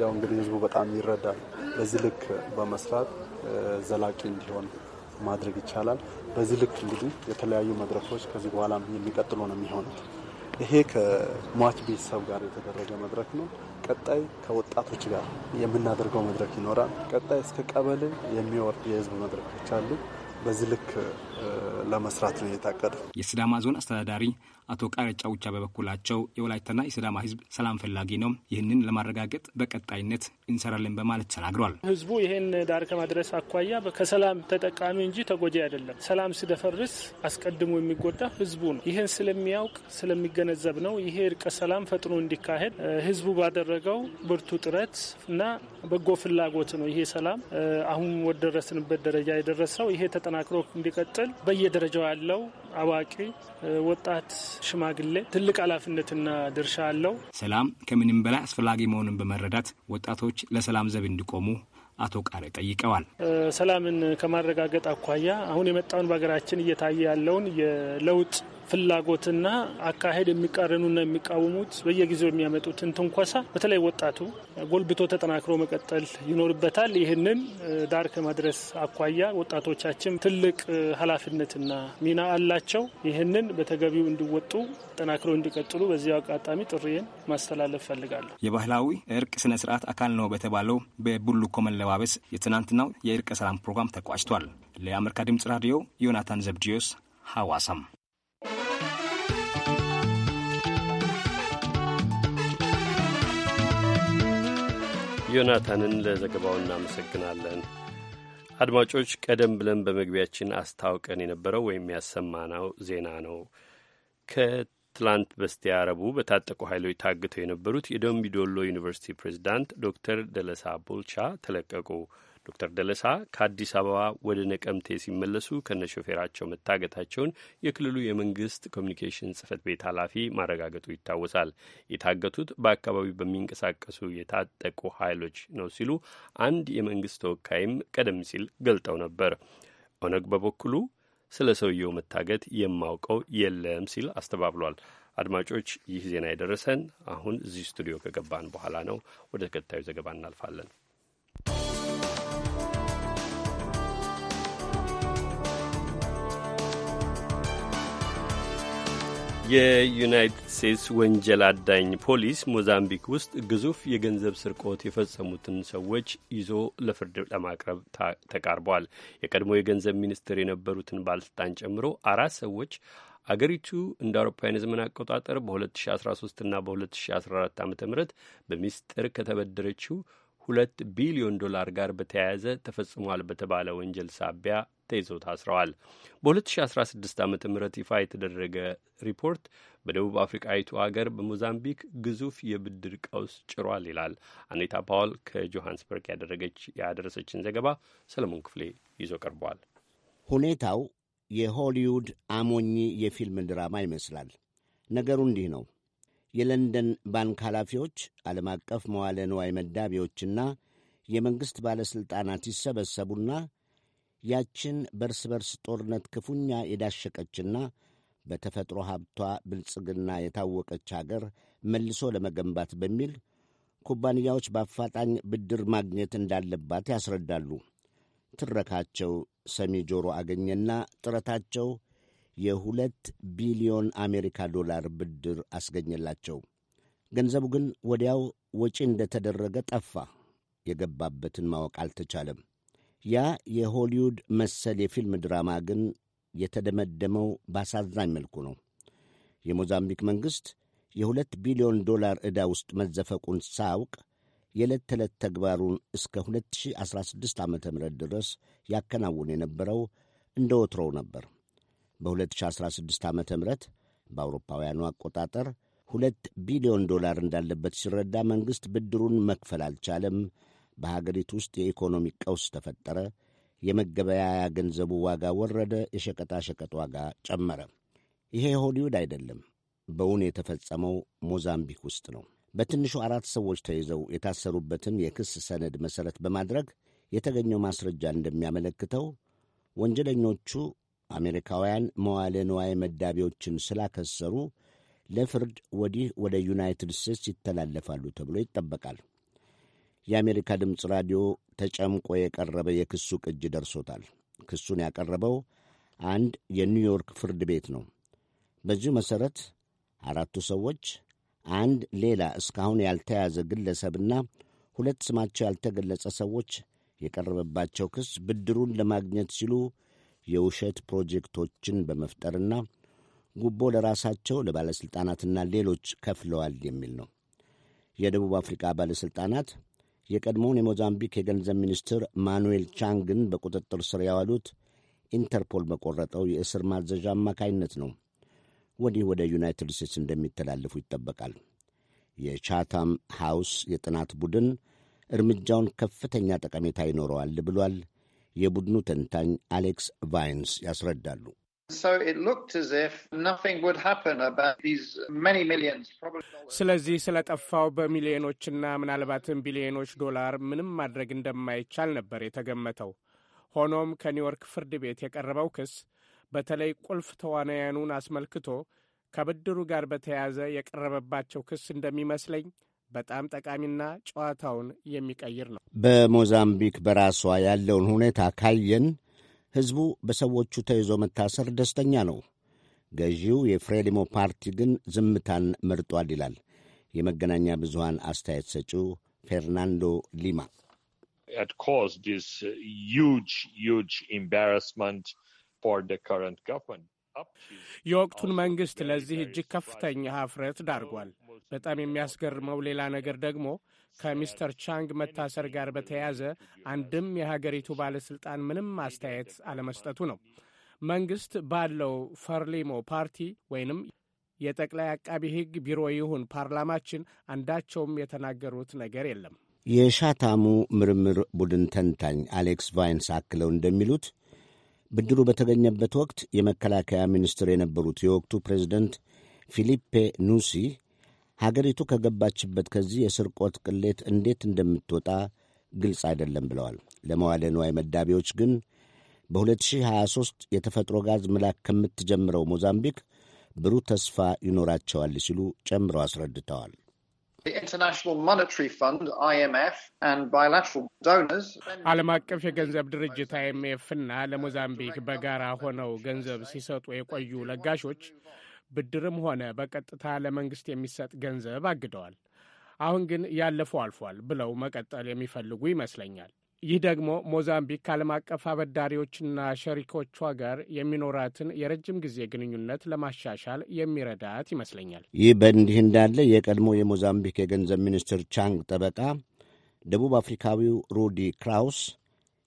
ያው እንግዲህ ህዝቡ በጣም ይረዳል። በዚህ ልክ በመስራት ዘላቂ እንዲሆን ማድረግ ይቻላል። በዚህ ልክ እንግዲህ የተለያዩ መድረኮች ከዚህ በኋላ የሚቀጥሉ ነው የሚሆኑት። ይሄ ከሟች ቤተሰብ ጋር የተደረገ መድረክ ነው። ቀጣይ ከወጣቶች ጋር የምናደርገው መድረክ ይኖራል። ቀጣይ እስከ ቀበሌ የሚወርድ የህዝብ መድረኮች አሉ። በዚህ ልክ ለመስራት ነው የታቀደ የስዳማ ዞን አስተዳዳሪ አቶ ቃረጫ ውቻ በበኩላቸው የወላይታና የሲዳማ ህዝብ ሰላም ፈላጊ ነው፣ ይህንን ለማረጋገጥ በቀጣይነት እንሰራለን በማለት ተናግሯል። ህዝቡ ይህን ዳር ከማድረስ አኳያ ከሰላም ተጠቃሚ እንጂ ተጎጂ አይደለም። ሰላም ሲደፈርስ አስቀድሞ የሚጎዳ ህዝቡ ነው። ይህን ስለሚያውቅ ስለሚገነዘብ ነው ይሄ እርቀ ሰላም ፈጥኖ እንዲካሄድ ህዝቡ ባደረገው ብርቱ ጥረት እና በጎ ፍላጎት ነው ይሄ ሰላም አሁን ወደረስንበት ደረጃ የደረሰው። ይሄ ተጠናክሮ እንዲቀጥል በየደረጃው ያለው አዋቂ፣ ወጣት፣ ሽማግሌ ትልቅ ኃላፊነትና ድርሻ አለው። ሰላም ከምንም በላይ አስፈላጊ መሆኑን በመረዳት ወጣቶች ለሰላም ዘብ እንዲቆሙ አቶ ቃሬ ጠይቀዋል። ሰላምን ከማረጋገጥ አኳያ አሁን የመጣውን በሀገራችን እየታየ ያለውን የለውጥ ፍላጎትና አካሄድ የሚቃረኑና የሚቃወሙት በየጊዜው የሚያመጡትን ትንኮሳ በተለይ ወጣቱ ጎልብቶ ተጠናክሮ መቀጠል ይኖርበታል። ይህንን ዳር ከማድረስ አኳያ ወጣቶቻችን ትልቅ ኃላፊነትና ሚና አላቸው። ይህንን በተገቢው እንዲወጡ ጠናክሮ እንዲቀጥሉ በዚያው አጋጣሚ ጥሪዬን ማስተላለፍ ፈልጋለሁ። የባህላዊ እርቅ ስነ ስርዓት አካል ነው በተባለው በቡሉኮ መለባበስ የትናንትናው የእርቀ ሰላም ፕሮግራም ተቋጭቷል። ለአሜሪካ ድምጽ ራዲዮ ዮናታን ዘብዲዮስ ሐዋሳም ዮናታንን ለዘገባው እናመሰግናለን። አድማጮች፣ ቀደም ብለን በመግቢያችን አስታውቀን የነበረው ወይም ያሰማነው ዜና ነው። ከትላንት በስቲያ ረቡዕ በታጠቁ ኃይሎች ታግተው የነበሩት የደምቢዶሎ ዩኒቨርሲቲ ፕሬዚዳንት ዶክተር ደለሳ ቦልቻ ተለቀቁ። ዶክተር ደለሳ ከአዲስ አበባ ወደ ነቀምቴ ሲመለሱ ከነሾፌራቸው መታገታቸውን የክልሉ የመንግስት ኮሚኒኬሽን ጽህፈት ቤት ኃላፊ ማረጋገጡ ይታወሳል። የታገቱት በአካባቢው በሚንቀሳቀሱ የታጠቁ ኃይሎች ነው ሲሉ አንድ የመንግስት ተወካይም ቀደም ሲል ገልጠው ነበር። ኦነግ በበኩሉ ስለ ሰውየው መታገት የማውቀው የለም ሲል አስተባብሏል። አድማጮች፣ ይህ ዜና የደረሰን አሁን እዚህ ስቱዲዮ ከገባን በኋላ ነው። ወደ ተከታዩ ዘገባ እናልፋለን። የዩናይትድ ስቴትስ ወንጀል አዳኝ ፖሊስ ሞዛምቢክ ውስጥ ግዙፍ የገንዘብ ስርቆት የፈጸሙትን ሰዎች ይዞ ለፍርድ ለማቅረብ ተቃርቧል። የቀድሞ የገንዘብ ሚኒስትር የነበሩትን ባለስልጣን ጨምሮ አራት ሰዎች አገሪቱ እንደ አውሮፓውያን ዘመን አቆጣጠር በ2013 እና በ2014 ዓ ም በሚስጥር ከተበደረችው ሁለት ቢሊዮን ዶላር ጋር በተያያዘ ተፈጽሟል በተባለ ወንጀል ሳቢያ ተይዘው ታስረዋል። በ2016 ዓ ም ይፋ የተደረገ ሪፖርት በደቡብ አፍሪቃዊቱ አገር በሞዛምቢክ ግዙፍ የብድር ቀውስ ጭሯል ይላል። አኔታ ፓውል ከጆሃንስበርግ ያደረገች ያደረሰችን ዘገባ ሰለሞን ክፍሌ ይዞ ቀርቧል። ሁኔታው የሆሊውድ አሞኚ የፊልም ድራማ ይመስላል። ነገሩ እንዲህ ነው። የለንደን ባንክ ኃላፊዎች፣ ዓለም አቀፍ መዋለ ንዋይ መዳቢዎችና የመንግሥት ባለሥልጣናት ይሰበሰቡና ያችን በርስ በርስ ጦርነት ክፉኛ የዳሸቀችና በተፈጥሮ ሀብቷ ብልጽግና የታወቀች አገር መልሶ ለመገንባት በሚል ኩባንያዎች በአፋጣኝ ብድር ማግኘት እንዳለባት ያስረዳሉ። ትረካቸው ሰሚ ጆሮ አገኘና ጥረታቸው የሁለት ቢሊዮን አሜሪካ ዶላር ብድር አስገኘላቸው። ገንዘቡ ግን ወዲያው ወጪ እንደተደረገ ጠፋ። የገባበትን ማወቅ አልተቻለም። ያ የሆሊውድ መሰል የፊልም ድራማ ግን የተደመደመው በአሳዛኝ መልኩ ነው። የሞዛምቢክ መንግሥት የሁለት ቢሊዮን ዶላር ዕዳ ውስጥ መዘፈቁን ሳውቅ የዕለት ተዕለት ተግባሩን እስከ 2016 ዓ ም ድረስ ያከናውን የነበረው እንደ ወትሮው ነበር። በ2016 ዓ ም በአውሮፓውያኑ አቆጣጠር ሁለት ቢሊዮን ዶላር እንዳለበት ሲረዳ መንግሥት ብድሩን መክፈል አልቻለም። በሀገሪቱ ውስጥ የኢኮኖሚ ቀውስ ተፈጠረ፣ የመገበያያ ገንዘቡ ዋጋ ወረደ፣ የሸቀጣሸቀጥ ዋጋ ጨመረ። ይሄ ሆሊውድ አይደለም፣ በውን የተፈጸመው ሞዛምቢክ ውስጥ ነው። በትንሹ አራት ሰዎች ተይዘው የታሰሩበትን የክስ ሰነድ መሠረት በማድረግ የተገኘው ማስረጃ እንደሚያመለክተው ወንጀለኞቹ አሜሪካውያን መዋለ ንዋይ መዳቢዎችን ስላከሰሩ ለፍርድ ወዲህ ወደ ዩናይትድ ስቴትስ ይተላለፋሉ ተብሎ ይጠበቃል። የአሜሪካ ድምፅ ራዲዮ ተጨምቆ የቀረበ የክሱ ቅጅ ደርሶታል። ክሱን ያቀረበው አንድ የኒውዮርክ ፍርድ ቤት ነው። በዚሁ መሠረት አራቱ ሰዎች አንድ ሌላ እስካሁን ያልተያዘ ግለሰብና ሁለት ስማቸው ያልተገለጸ ሰዎች የቀረበባቸው ክስ ብድሩን ለማግኘት ሲሉ የውሸት ፕሮጀክቶችን በመፍጠርና ጉቦ ለራሳቸው ለባለሥልጣናትና ሌሎች ከፍለዋል የሚል ነው። የደቡብ አፍሪካ ባለሥልጣናት የቀድሞውን የሞዛምቢክ የገንዘብ ሚኒስትር ማኑዌል ቻንግን በቁጥጥር ስር ያዋሉት ኢንተርፖል በቆረጠው የእስር ማዘዣ አማካይነት ነው። ወዲህ ወደ ዩናይትድ ስቴትስ እንደሚተላለፉ ይጠበቃል። የቻታም ሃውስ የጥናት ቡድን እርምጃውን ከፍተኛ ጠቀሜታ ይኖረዋል ብሏል። የቡድኑ ተንታኝ አሌክስ ቫይንስ ያስረዳሉ። ስለዚህ ስለጠፋው በሚሊዮኖችና ምናልባትም ቢሊዮኖች ዶላር ምንም ማድረግ እንደማይቻል ነበር የተገመተው። ሆኖም ከኒውዮርክ ፍርድ ቤት የቀረበው ክስ በተለይ ቁልፍ ተዋናያኑን አስመልክቶ ከብድሩ ጋር በተያያዘ የቀረበባቸው ክስ እንደሚመስለኝ በጣም ጠቃሚና ጨዋታውን የሚቀይር ነው። በሞዛምቢክ በራሷ ያለውን ሁኔታ ካየን ሕዝቡ በሰዎቹ ተይዞ መታሰር ደስተኛ ነው። ገዢው የፍሬሊሞ ፓርቲ ግን ዝምታን መርጧል ይላል የመገናኛ ብዙሃን አስተያየት ሰጪው ፌርናንዶ ሊማ። uh, የወቅቱን መንግሥት ለዚህ እጅግ ከፍተኛ ኀፍረት ዳርጓል። በጣም የሚያስገርመው ሌላ ነገር ደግሞ ከሚስተር ቻንግ መታሰር ጋር በተያያዘ አንድም የሀገሪቱ ባለሥልጣን ምንም አስተያየት አለመስጠቱ ነው። መንግሥት ባለው ፈርሊሞ ፓርቲ ወይንም የጠቅላይ አቃቢ ሕግ ቢሮ ይሁን ፓርላማችን አንዳቸውም የተናገሩት ነገር የለም። የሻታሙ ምርምር ቡድን ተንታኝ አሌክስ ቫይንስ አክለው እንደሚሉት ብድሩ በተገኘበት ወቅት የመከላከያ ሚኒስትር የነበሩት የወቅቱ ፕሬዚደንት ፊሊፔ ኑሲ ሀገሪቱ ከገባችበት ከዚህ የስርቆት ቅሌት እንዴት እንደምትወጣ ግልጽ አይደለም ብለዋል። ለመዋለ ንዋይ መዳቢዎች ግን በ2023 የተፈጥሮ ጋዝ ምላክ ከምትጀምረው ሞዛምቢክ ብሩህ ተስፋ ይኖራቸዋል ሲሉ ጨምረው አስረድተዋል። ዓለም አቀፍ የገንዘብ ድርጅት አይኤምኤፍ እና ለሞዛምቢክ በጋራ ሆነው ገንዘብ ሲሰጡ የቆዩ ለጋሾች ብድርም ሆነ በቀጥታ ለመንግስት የሚሰጥ ገንዘብ አግደዋል። አሁን ግን ያለፈው አልፏል ብለው መቀጠል የሚፈልጉ ይመስለኛል። ይህ ደግሞ ሞዛምቢክ ከዓለም አቀፍ አበዳሪዎችና ሸሪኮቿ ጋር የሚኖራትን የረጅም ጊዜ ግንኙነት ለማሻሻል የሚረዳት ይመስለኛል። ይህ በእንዲህ እንዳለ የቀድሞ የሞዛምቢክ የገንዘብ ሚኒስትር ቻንግ ጠበቃ ደቡብ አፍሪካዊው ሩዲ ክራውስ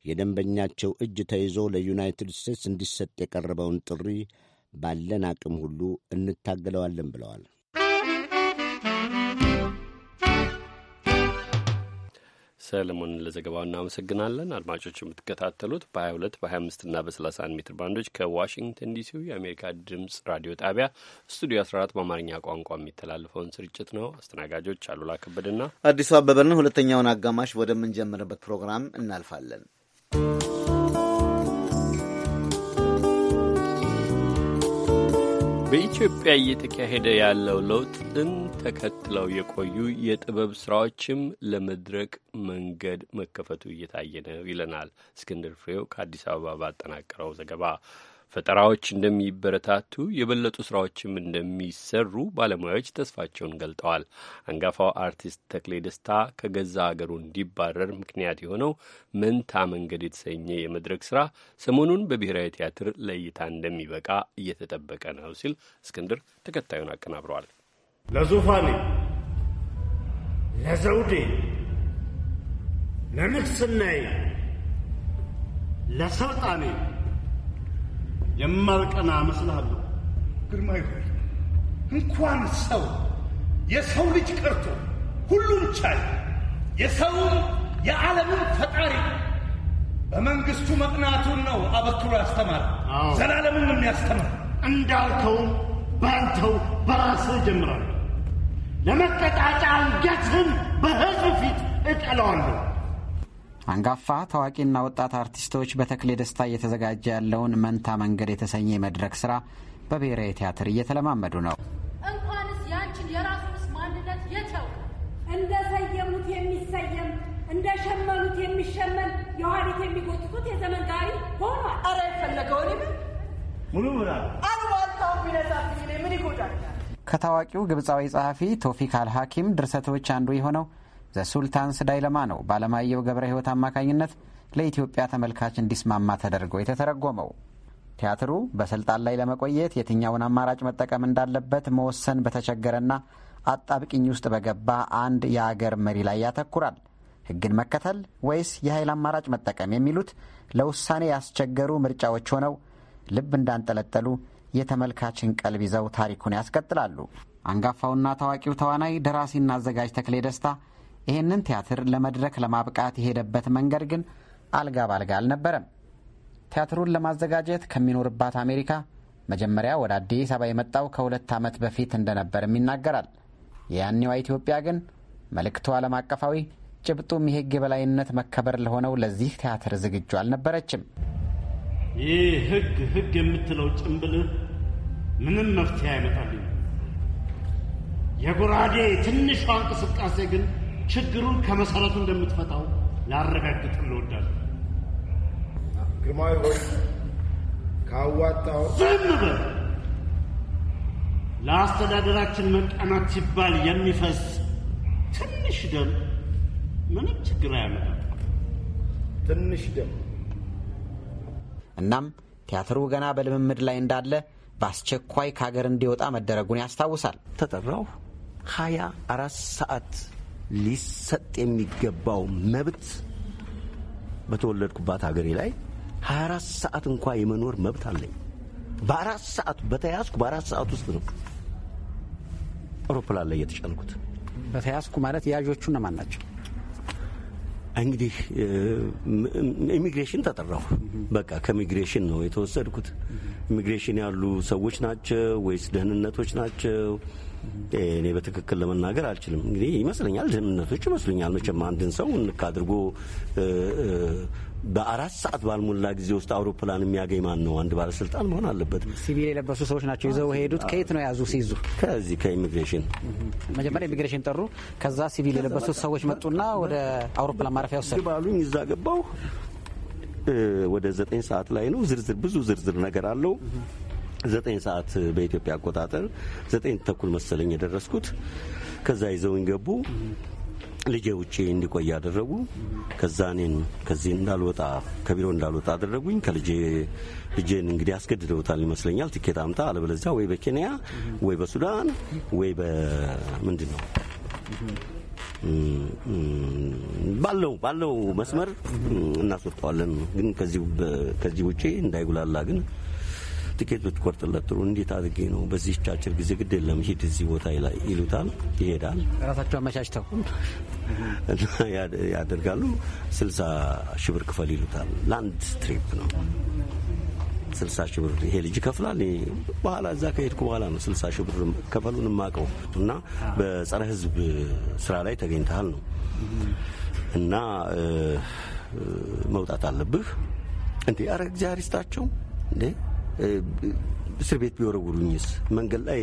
የደንበኛቸው እጅ ተይዞ ለዩናይትድ ስቴትስ እንዲሰጥ የቀረበውን ጥሪ ባለን አቅም ሁሉ እንታገለዋለን ብለዋል። ሰለሞን ለዘገባው እናመሰግናለን። አድማጮች የምትከታተሉት በ22 በ25 እና በ31 ሜትር ባንዶች ከዋሽንግተን ዲሲው የአሜሪካ ድምፅ ራዲዮ ጣቢያ ስቱዲዮ 14 በአማርኛ ቋንቋ የሚተላለፈውን ስርጭት ነው። አስተናጋጆች አሉላ ከበድና አዲሱ አበበን። ሁለተኛውን አጋማሽ ወደምንጀምርበት ፕሮግራም እናልፋለን። በኢትዮጵያ እየተካሄደ ያለው ለውጥን ተከትለው የቆዩ የጥበብ ስራዎችም ለመድረክ መንገድ መከፈቱ እየታየ ነው ይለናል እስክንድር ፍሬው ከአዲስ አበባ ባጠናቀረው ዘገባ። ፈጠራዎች እንደሚበረታቱ የበለጡ ስራዎችም እንደሚሰሩ ባለሙያዎች ተስፋቸውን ገልጠዋል። አንጋፋው አርቲስት ተክሌ ደስታ ከገዛ አገሩ እንዲባረር ምክንያት የሆነው መንታ መንገድ የተሰኘ የመድረክ ስራ ሰሞኑን በብሔራዊ ቲያትር ለእይታ እንደሚበቃ እየተጠበቀ ነው ሲል እስክንድር ተከታዩን አቀናብረዋል። ለዙፋኔ፣ ለዘውዴ፣ ለንግስናዬ፣ ለስልጣኔ የማልቀና መስልሃለሁ ግርማ ሆይ? እንኳን ሰው የሰው ልጅ ቀርቶ ሁሉም ቻይ የሰውም የዓለምም ፈጣሪ በመንግስቱ መቅናቱን ነው አበክሮ ያስተማረ ዘላለምም የሚያስተምር እንዳልከው ባንተው በራስህ ጀምራለሁ። ለመቀጣጫ አንገትህን በሕዝብ ፊት እጠለዋለሁ። አንጋፋ ታዋቂና ወጣት አርቲስቶች በተክሌ ደስታ እየተዘጋጀ ያለውን መንታ መንገድ የተሰኘ የመድረክ ስራ በብሔራዊ ቲያትር እየተለማመዱ ነው። እንኳንስ ያንቺን የራሱንስ ማንነት የተው እንደ ሰየሙት የሚሰየም እንደ ሸመኑት የሚሸመን የኋሊት የሚጎትቱት የዘመን ጋሪ ሆኗል። አረ የፈለገው ኒ ሙሉ ምናል አልባልታው ቢነዛ ምን ይጎዳል? ከታዋቂው ግብፃዊ ጸሐፊ ቶፊክ አልሐኪም ድርሰቶች አንዱ የሆነው ዘሱልታንስ ዳይለማ ነው በአለማየሁ ገብረ ሕይወት አማካኝነት ለኢትዮጵያ ተመልካች እንዲስማማ ተደርጎ የተተረጎመው። ቲያትሩ በስልጣን ላይ ለመቆየት የትኛውን አማራጭ መጠቀም እንዳለበት መወሰን በተቸገረና አጣብቅኝ ውስጥ በገባ አንድ የአገር መሪ ላይ ያተኩራል። ሕግን መከተል ወይስ የኃይል አማራጭ መጠቀም የሚሉት ለውሳኔ ያስቸገሩ ምርጫዎች ሆነው ልብ እንዳንጠለጠሉ የተመልካችን ቀልብ ይዘው ታሪኩን ያስቀጥላሉ። አንጋፋውና ታዋቂው ተዋናይ ደራሲና አዘጋጅ ተክሌ ደስታ ይህንን ቲያትር ለመድረክ ለማብቃት የሄደበት መንገድ ግን አልጋ ባልጋ አልነበረም። ቲያትሩን ለማዘጋጀት ከሚኖርባት አሜሪካ መጀመሪያ ወደ አዲስ አበባ የመጣው ከሁለት ዓመት በፊት እንደነበርም ይናገራል። የያኔዋ ኢትዮጵያ ግን መልእክቱ ዓለም አቀፋዊ ጭብጡም የሕግ የበላይነት መከበር ለሆነው ለዚህ ቲያትር ዝግጁ አልነበረችም። ይህ ሕግ ሕግ የምትለው ጭንብልህ ምንም መፍትሄ አይመጣልኝ። የጉራዴ ትንሿ እንቅስቃሴ ግን ችግሩን ከመሰረቱ እንደምትፈታው ላረጋግጥ እንወዳለን። ግርማዊ ሆይ ካዋጣው ዝም በል። ለአስተዳደራችን መቀናት ሲባል የሚፈስ ትንሽ ደም ምንም ችግር አያመጣም። ትንሽ ደም። እናም ቲያትሩ ገና በልምምድ ላይ እንዳለ በአስቸኳይ ከሀገር እንዲወጣ መደረጉን ያስታውሳል። ተጠራሁ ሀያ አራት ሰዓት ሊሰጥ የሚገባው መብት በተወለድኩባት ሀገሬ ላይ 24 ሰዓት እንኳ የመኖር መብት አለኝ። በአራት ሰዓት በተያዝኩ በአራት ሰዓት ውስጥ ነው አውሮፕላን ላይ የተጫንኩት። በተያዝኩ ማለት የያዦቹ እነማን ናቸው? እንግዲህ ኢሚግሬሽን ተጠራሁ። በቃ ከኢሚግሬሽን ነው የተወሰድኩት። ኢሚግሬሽን ያሉ ሰዎች ናቸው ወይስ ደህንነቶች ናቸው እኔ በትክክል ለመናገር አልችልም። እንግዲህ ይመስለኛል ድህነቶች ይመስለኛል መቼም አንድን ሰው እንካ አድርጎ በአራት ሰዓት ባልሞላ ጊዜ ውስጥ አውሮፕላን የሚያገኝ ማን ነው? አንድ ባለስልጣን መሆን አለበት። ሲቪል የለበሱ ሰዎች ናቸው ይዘው ሄዱት። ከየት ነው የያዙ? ሲይዙ ከዚህ ከኢሚግሬሽን መጀመሪያ ኢሚግሬሽን ጠሩ። ከዛ ሲቪል የለበሱ ሰዎች መጡና ወደ አውሮፕላን ማረፊያ ወሰዱ ባሉኝ እዛ ገባው። ወደ ዘጠኝ ሰዓት ላይ ነው። ዝርዝር ብዙ ዝርዝር ነገር አለው። ዘጠኝ ሰዓት በኢትዮጵያ አቆጣጠር ዘጠኝ ተኩል መሰለኝ የደረስኩት። ከዛ ይዘውኝ ገቡ። ልጄ ውጭ እንዲቆይ አደረጉ። ከዛ እኔን ከዚህ እንዳልወጣ ከቢሮ እንዳልወጣ አደረጉኝ። ከልጄ ልጄን እንግዲህ አስገድደውታል ይመስለኛል። ትኬት አምጣ፣ አለበለዚያ ወይ በኬንያ ወይ በሱዳን ወይ በምንድን ነው ባለው ባለው መስመር እናስወጣዋለን፣ ግን ከዚህ ውጪ እንዳይጉላላ ግን ትኬት ብትቆርጥለት ጥሩ፣ እንዴት አድርጌ ነው በዚህ አጭር ጊዜ? ግድ የለም ሂድ እዚህ ቦታ ይሉታል። ይሄዳል። ራሳቸው አመቻችተው ያደርጋሉ። ስልሳ ሺህ ብር ክፈል ይሉታል። ለአንድ ትሪፕ ነው ስልሳ ሺህ ብር ይሄ ልጅ ይከፍላል። በኋላ እዛ ከሄድኩ በኋላ ነው ስልሳ ሺህ ብር ከፈሉን የማውቀው እና በጸረ ህዝብ ስራ ላይ ተገኝተሃል ነው እና መውጣት አለብህ እንዴ! አረ እግዚአብሔር ይስጣቸው እንዴ! እስር ቤት ቢወረውሩኝስ? መንገድ ላይ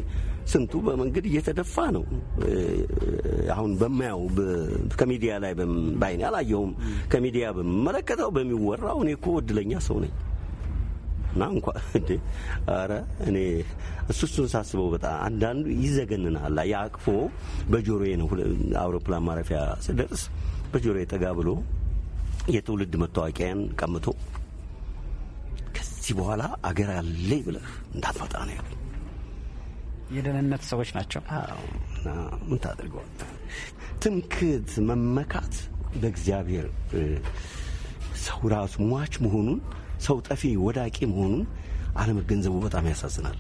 ስንቱ በመንገድ እየተደፋ ነው። አሁን በማየው ከሚዲያ ላይ በአይኔ አላየውም፣ ከሚዲያ በምመለከተው በሚወራው እኔ እኮ እድለኛ ሰው ነኝ እና እንኳ እንዴ ኧረ እኔ እሱ እሱን ሳስበው በጣም አንዳንዱ ይዘገንናል። የአቅፎ በጆሮዬ ነው አውሮፕላን ማረፊያ ስደርስ በጆሮዬ ጠጋ ብሎ የትውልድ መታወቂያን ቀምቶ ከዚህ በኋላ አገር አለ ብለህ እንዳትመጣ ነው ያሉ። የደህንነት ሰዎች ናቸው። ምን ታደርገዋል? ትምክት፣ መመካት በእግዚአብሔር ሰው ራሱ ሟች መሆኑን ሰው ጠፊ ወዳቂ መሆኑን አለመገንዘቡ በጣም ያሳዝናል።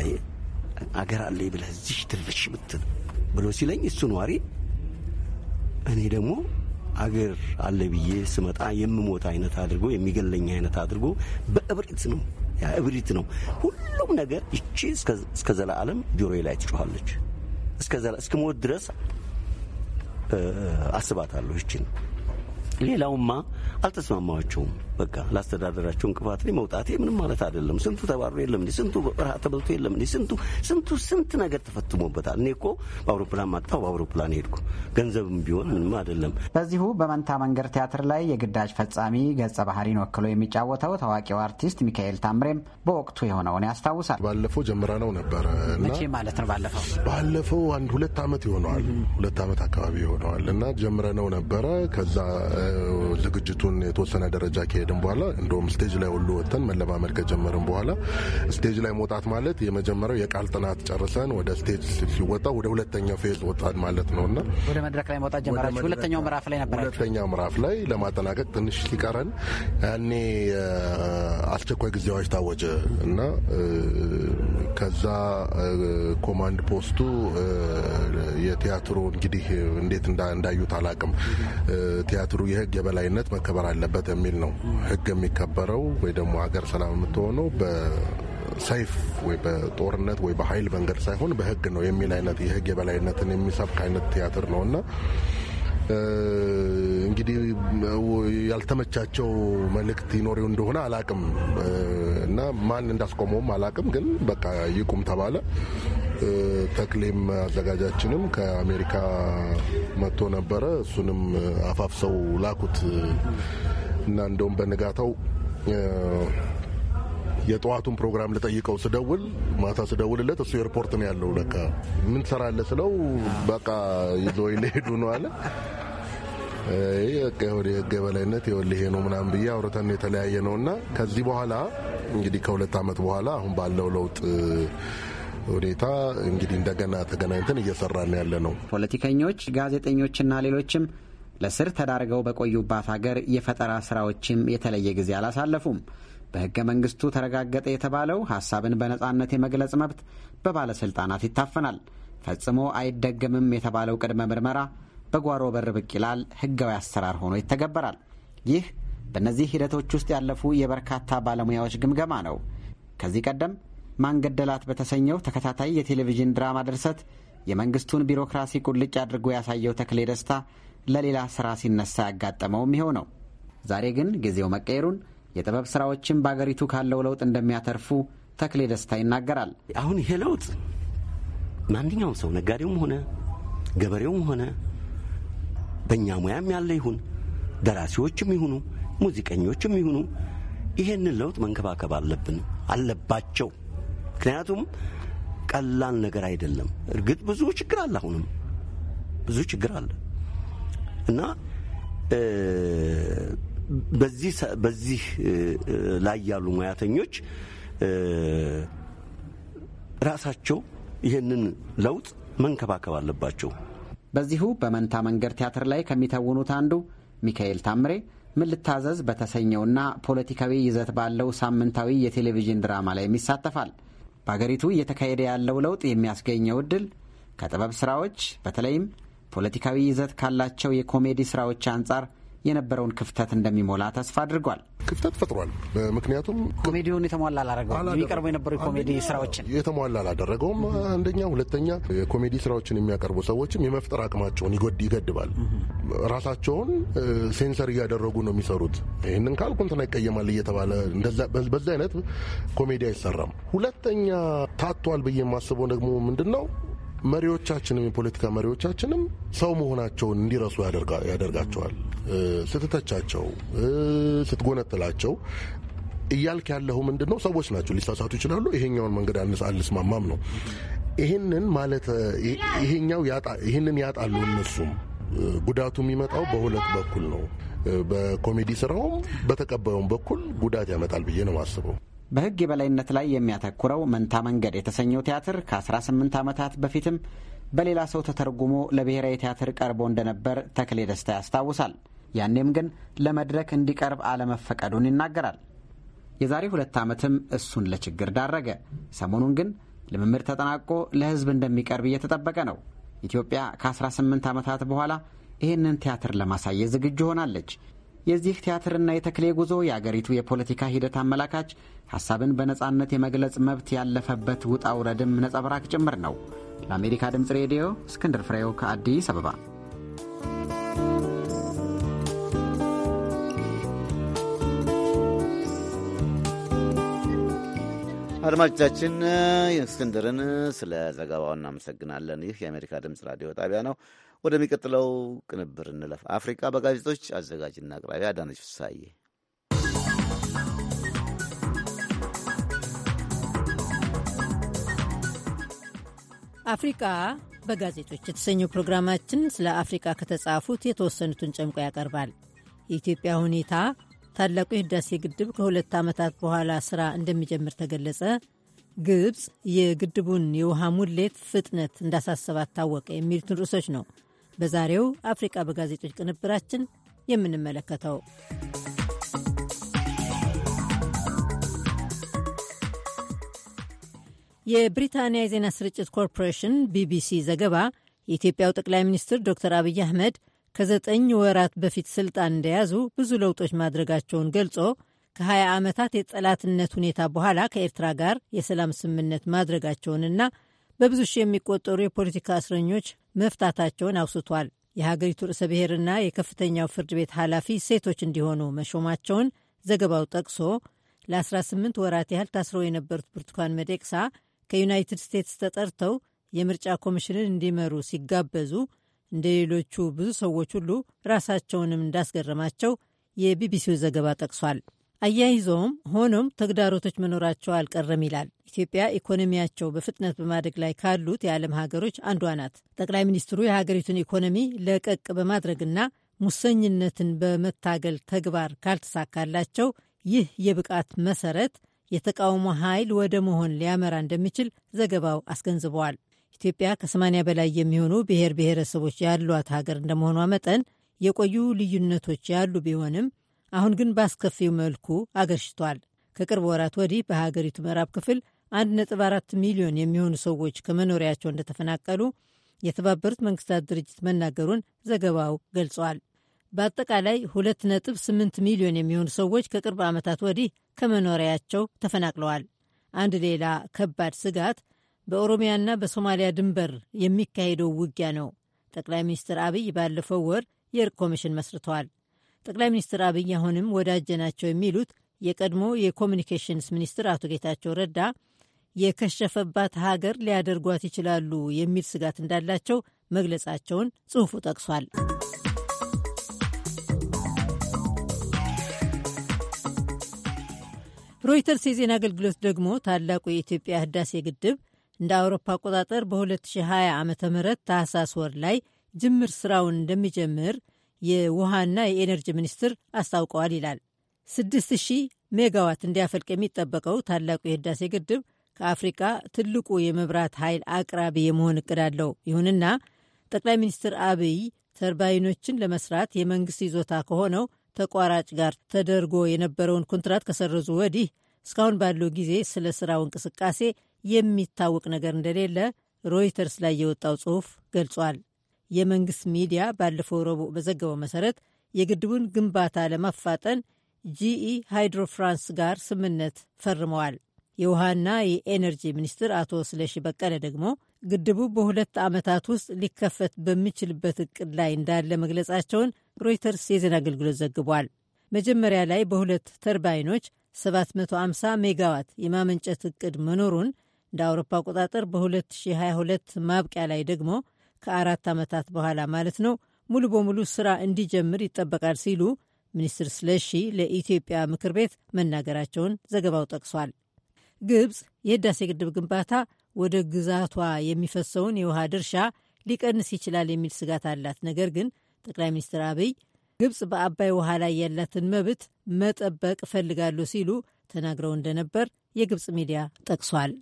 አይ አገር አለ ብለህ እዚህ ትልሽ ብትል ብሎ ሲለኝ እሱ ነዋሪ እኔ ደግሞ አገር አለ ብዬ ስመጣ የምሞት አይነት አድርጎ የሚገለኝ አይነት አድርጎ በእብሪት ነው እብሪት ነው ሁሉም ነገር። ይቺ እስከ ዘላለም ጆሮ ላይ ትጮኋለች። እስከ ሞት ድረስ አስባታለሁ። ይችን ሌላውማ አልተስማማቸውም። በቃ ላስተዳደራቸው እንቅፋት ላይ መውጣቴ ምንም ማለት አይደለም። ስንቱ ተባሮ የለም እ ስንቱ ረሃ ተበልቶ የለም እ ስንቱ ስንቱ ስንት ነገር ተፈትሞበታል። እኔ እኮ በአውሮፕላን ማጣው በአውሮፕላን ሄድኩ። ገንዘብም ቢሆን ምንም አይደለም። በዚሁ በመንታ መንገድ ቲያትር ላይ የግዳጅ ፈጻሚ ገጸ ባህሪን ወክሎ የሚጫወተው ታዋቂው አርቲስት ሚካኤል ታምሬም በወቅቱ የሆነውን ያስታውሳል። ባለፈው ጀምረ ነው ነበረ መቼ ማለት ነው? ባለፈው ባለፈው አንድ ሁለት ዓመት ይሆነዋል ሁለት ዓመት አካባቢ ይሆነዋል እና ጀምረ ነው ነበረ ከዛ ዝግጅቱን የተወሰነ ደረጃ ከሄድን በኋላ እንደውም ስቴጅ ላይ ሁሉ ወጥተን መለማመድ ከጀመርን በኋላ ስቴጅ ላይ መውጣት ማለት የመጀመሪያው የቃል ጥናት ጨርሰን ወደ ስቴጅ ሲወጣ ወደ ሁለተኛው ፌዝ ወጣን ማለት ነው እና ወደ መድረክ ላይ መውጣት ጀመራችሁ። ሁለተኛው ምዕራፍ ላይ ነበራችሁ። ሁለተኛው ምዕራፍ ላይ ለማጠናቀቅ ትንሽ ሲቀረን ያኔ አስቸኳይ ጊዜ አዋጅ ታወጀ እና ከዛ ኮማንድ ፖስቱ የቲያትሩ እንግዲህ እንዴት እንዳዩት አላቅም ቲያትሩ የህግ የበላይነት መከበር አለበት የሚል ነው ህግ የሚከበረው ወይ ደግሞ ሀገር ሰላም የምትሆነው በሰይፍ ወይ በጦርነት ወይ በኃይል መንገድ ሳይሆን በህግ ነው የሚል አይነት የህግ የበላይነትን የሚሰብክ አይነት ቲያትር ነው እና እንግዲህ ያልተመቻቸው መልእክት ይኖሪው እንደሆነ አላቅም እና ማን እንዳስቆመውም አላቅም። ግን በቃ ይቁም ተባለ። ተክሌም አዘጋጃችንም ከአሜሪካ መጥቶ ነበረ። እሱንም አፋፍሰው ላኩት። እና እንደውም በንጋታው የጠዋቱን ፕሮግራም ልጠይቀው ስደውል ማታ ስደውልለት እሱ ኤርፖርት ነው ያለው። ለካ ምን ትሰራለህ ስለው በቃ ይዞ ሊሄዱ ነው አለ። የህግ የበላይነት ይሄ ነው ምናምን ብዬ አውርተን የተለያየ ነው እና ከዚህ በኋላ እንግዲህ ከሁለት ዓመት በኋላ አሁን ባለው ለውጥ ሁኔታ እንግዲህ እንደገና ተገናኝተን እየሰራን ያለ ነው። ፖለቲከኞች፣ ጋዜጠኞችና ሌሎችም ለስር ተዳርገው በቆዩባት አገር የፈጠራ ስራዎችም የተለየ ጊዜ አላሳለፉም። በሕገ መንግስቱ ተረጋገጠ የተባለው ሐሳብን በነጻነት የመግለጽ መብት በባለሥልጣናት ይታፈናል። ፈጽሞ አይደገምም የተባለው ቅድመ ምርመራ በጓሮ በር ብቅ ይላል፣ ሕጋዊ አሰራር ሆኖ ይተገበራል። ይህ በእነዚህ ሂደቶች ውስጥ ያለፉ የበርካታ ባለሙያዎች ግምገማ ነው። ከዚህ ቀደም ማንገደላት በተሰኘው ተከታታይ የቴሌቪዥን ድራማ ድርሰት የመንግስቱን ቢሮክራሲ ቁልጭ አድርጎ ያሳየው ተክሌ ደስታ ለሌላ ስራ ሲነሳ ያጋጠመውም ይኸው ነው። ዛሬ ግን ጊዜው መቀየሩን የጥበብ ስራዎችን በአገሪቱ ካለው ለውጥ እንደሚያተርፉ ተክሌ ደስታ ይናገራል። አሁን ይሄ ለውጥ ማንኛውም ሰው ነጋዴውም ሆነ ገበሬውም ሆነ በእኛ ሙያም ያለ ይሁን ደራሲዎችም ይሁኑ ሙዚቀኞችም ይሁኑ ይሄንን ለውጥ መንከባከብ አለብን አለባቸው። ምክንያቱም ቀላል ነገር አይደለም። እርግጥ ብዙ ችግር አለ፣ አሁንም ብዙ ችግር አለ። እና በዚህ ላይ ያሉ ሙያተኞች ራሳቸው ይህንን ለውጥ መንከባከብ አለባቸው። በዚሁ በመንታ መንገድ ቲያትር ላይ ከሚተውኑት አንዱ ሚካኤል ታምሬ ምን ልታዘዝ በተሰኘውና ፖለቲካዊ ይዘት ባለው ሳምንታዊ የቴሌቪዥን ድራማ ላይ ይሳተፋል። በአገሪቱ እየተካሄደ ያለው ለውጥ የሚያስገኘው እድል ከጥበብ ስራዎች በተለይም ፖለቲካዊ ይዘት ካላቸው የኮሜዲ ስራዎች አንጻር የነበረውን ክፍተት እንደሚሞላ ተስፋ አድርጓል። ክፍተት ፈጥሯል። ምክንያቱም ኮሜዲውን የተሟላ አላደረገውም። የሚቀርቡ የነበሩ የኮሜዲ ስራዎችን የተሟላ አላደረገውም። አንደኛ፣ ሁለተኛ የኮሜዲ ስራዎችን የሚያቀርቡ ሰዎችም የመፍጠር አቅማቸውን ይገድባል። ራሳቸውን ሴንሰር እያደረጉ ነው የሚሰሩት። ይህንን ካልኩ እንትና ይቀየማል እየተባለ በዛ አይነት ኮሜዲ አይሰራም። ሁለተኛ ታቷል ብዬ የማስበው ደግሞ ምንድን ነው መሪዎቻችንም የፖለቲካ መሪዎቻችንም ሰው መሆናቸውን እንዲረሱ ያደርጋቸዋል። ስትተቻቸው፣ ስትጎነጥላቸው እያልክ ያለሁ ምንድን ነው? ሰዎች ናቸው፣ ሊሳሳቱ ይችላሉ። ይሄኛውን መንገድ አልስማማም ነው። ይህንን ማለት ይሄኛው ይህንን ያጣሉ እነሱም። ጉዳቱ የሚመጣው በሁለት በኩል ነው። በኮሜዲ ስራውም በተቀባዩም በኩል ጉዳት ያመጣል ብዬ ነው የማስበው። በሕግ የበላይነት ላይ የሚያተኩረው መንታ መንገድ የተሰኘው ቲያትር ከ18 ዓመታት በፊትም በሌላ ሰው ተተርጉሞ ለብሔራዊ ቲያትር ቀርቦ እንደነበር ተክሌ ደስታ ያስታውሳል። ያኔም ግን ለመድረክ እንዲቀርብ አለመፈቀዱን ይናገራል። የዛሬ ሁለት ዓመትም እሱን ለችግር ዳረገ። ሰሞኑን ግን ልምምድ ተጠናቆ ለሕዝብ እንደሚቀርብ እየተጠበቀ ነው። ኢትዮጵያ ከ18 ዓመታት በኋላ ይህንን ቲያትር ለማሳየት ዝግጁ ሆናለች። የዚህ ቲያትርና የተክሌ ጉዞ የአገሪቱ የፖለቲካ ሂደት አመላካች፣ ሐሳብን በነጻነት የመግለጽ መብት ያለፈበት ውጣ ውረድም ነጸብራቅ ጭምር ነው። ለአሜሪካ ድምፅ ሬዲዮ እስክንድር ፍሬው ከአዲስ አበባ። አድማጮቻችን እስክንድርን ስለ ዘገባው እናመሰግናለን። ይህ የአሜሪካ ድምፅ ራዲዮ ጣቢያ ነው። ወደሚቀጥለው ቅንብር እንለፍ። አፍሪካ በጋዜጦች አዘጋጅና አቅራቢ አዳነች ፍሳዬ። አፍሪቃ በጋዜጦች የተሰኘው ፕሮግራማችን ስለ አፍሪቃ ከተጻፉት የተወሰኑትን ጨምቆ ያቀርባል። የኢትዮጵያ ሁኔታ፣ ታላቁ የህዳሴ ግድብ ከሁለት ዓመታት በኋላ ሥራ እንደሚጀምር ተገለጸ፣ ግብፅ የግድቡን የውሃ ሙሌት ፍጥነት እንዳሳሰባት ታወቀ የሚሉትን ርዕሶች ነው በዛሬው አፍሪቃ በጋዜጦች ቅንብራችን የምንመለከተው የብሪታንያ የዜና ስርጭት ኮርፖሬሽን ቢቢሲ ዘገባ የኢትዮጵያው ጠቅላይ ሚኒስትር ዶክተር አብይ አህመድ ከዘጠኝ ወራት በፊት ስልጣን እንደያዙ ብዙ ለውጦች ማድረጋቸውን ገልጾ ከ20 ዓመታት የጠላትነት ሁኔታ በኋላ ከኤርትራ ጋር የሰላም ስምምነት ማድረጋቸውንና በብዙ ሺህ የሚቆጠሩ የፖለቲካ እስረኞች መፍታታቸውን አውስቷል። የሀገሪቱ ርዕሰ ብሔርና የከፍተኛው ፍርድ ቤት ኃላፊ ሴቶች እንዲሆኑ መሾማቸውን ዘገባው ጠቅሶ ለ18 ወራት ያህል ታስረው የነበሩት ብርቱካን መደቅሳ ከዩናይትድ ስቴትስ ተጠርተው የምርጫ ኮሚሽንን እንዲመሩ ሲጋበዙ እንደ ሌሎቹ ብዙ ሰዎች ሁሉ ራሳቸውንም እንዳስገረማቸው የቢቢሲው ዘገባ ጠቅሷል። አያይዘውም ሆኖም ተግዳሮቶች መኖራቸው አልቀረም ይላል። ኢትዮጵያ ኢኮኖሚያቸው በፍጥነት በማደግ ላይ ካሉት የዓለም ሀገሮች አንዷ ናት። ጠቅላይ ሚኒስትሩ የሀገሪቱን ኢኮኖሚ ለቀቅ በማድረግና ሙሰኝነትን በመታገል ተግባር ካልተሳካላቸው ይህ የብቃት መሰረት የተቃውሞ ኃይል ወደ መሆን ሊያመራ እንደሚችል ዘገባው አስገንዝበዋል። ኢትዮጵያ ከ በላይ የሚሆኑ ብሔር ብሔረሰቦች ያሏት ሀገር እንደመሆኗ መጠን የቆዩ ልዩነቶች ያሉ ቢሆንም አሁን ግን በአስከፊው መልኩ አገርሽቷል። ከቅርብ ወራት ወዲህ በሀገሪቱ ምዕራብ ክፍል 1.4 ሚሊዮን የሚሆኑ ሰዎች ከመኖሪያቸው እንደተፈናቀሉ የተባበሩት መንግስታት ድርጅት መናገሩን ዘገባው ገልጿል። በአጠቃላይ 2.8 ሚሊዮን የሚሆኑ ሰዎች ከቅርብ ዓመታት ወዲህ ከመኖሪያቸው ተፈናቅለዋል። አንድ ሌላ ከባድ ስጋት በኦሮሚያና በሶማሊያ ድንበር የሚካሄደው ውጊያ ነው። ጠቅላይ ሚኒስትር አብይ ባለፈው ወር የእርቅ ኮሚሽን መስርተዋል። ጠቅላይ ሚኒስትር አብይ አሁንም ወዳጀ ናቸው የሚሉት የቀድሞ የኮሚኒኬሽንስ ሚኒስትር አቶ ጌታቸው ረዳ የከሸፈባት ሀገር ሊያደርጓት ይችላሉ የሚል ስጋት እንዳላቸው መግለጻቸውን ጽሑፉ ጠቅሷል። ሮይተርስ የዜና አገልግሎት ደግሞ ታላቁ የኢትዮጵያ ህዳሴ ግድብ እንደ አውሮፓ አቆጣጠር በ2020 ዓ ም ታህሳስ ወር ላይ ጅምር ስራውን እንደሚጀምር የውሃና የኤነርጂ ሚኒስትር አስታውቀዋል ይላል። 6000 ሜጋዋት እንዲያፈልቅ የሚጠበቀው ታላቁ የህዳሴ ግድብ ከአፍሪቃ ትልቁ የመብራት ኃይል አቅራቢ የመሆን እቅድ አለው። ይሁንና ጠቅላይ ሚኒስትር አብይ ተርባይኖችን ለመስራት የመንግስት ይዞታ ከሆነው ተቋራጭ ጋር ተደርጎ የነበረውን ኮንትራት ከሰረዙ ወዲህ እስካሁን ባለው ጊዜ ስለ ስራው እንቅስቃሴ የሚታወቅ ነገር እንደሌለ ሮይተርስ ላይ የወጣው ጽሑፍ ገልጿል። የመንግስት ሚዲያ ባለፈው ረቡዕ በዘገበው መሰረት የግድቡን ግንባታ ለማፋጠን ጂኢ ሃይድሮ ፍራንስ ጋር ስምምነት ፈርመዋል። የውሃና የኤነርጂ ሚኒስትር አቶ ስለሺ በቀለ ደግሞ ግድቡ በሁለት ዓመታት ውስጥ ሊከፈት በሚችልበት እቅድ ላይ እንዳለ መግለጻቸውን ሮይተርስ የዜና አገልግሎት ዘግቧል። መጀመሪያ ላይ በሁለት ተርባይኖች 750 ሜጋዋት የማመንጨት እቅድ መኖሩን እንደ አውሮፓ አቆጣጠር በ2022 ማብቂያ ላይ ደግሞ ከአራት ዓመታት በኋላ ማለት ነው ሙሉ በሙሉ ስራ እንዲጀምር ይጠበቃል ሲሉ ሚኒስትር ስለሺ ለኢትዮጵያ ምክር ቤት መናገራቸውን ዘገባው ጠቅሷል። ግብፅ የህዳሴ ግድብ ግንባታ ወደ ግዛቷ የሚፈሰውን የውሃ ድርሻ ሊቀንስ ይችላል የሚል ስጋት አላት። ነገር ግን ጠቅላይ ሚኒስትር አብይ ግብፅ በአባይ ውሃ ላይ ያላትን መብት መጠበቅ እፈልጋለሁ ሲሉ ተናግረው እንደነበር የግብፅ ሚዲያ ጠቅሷል።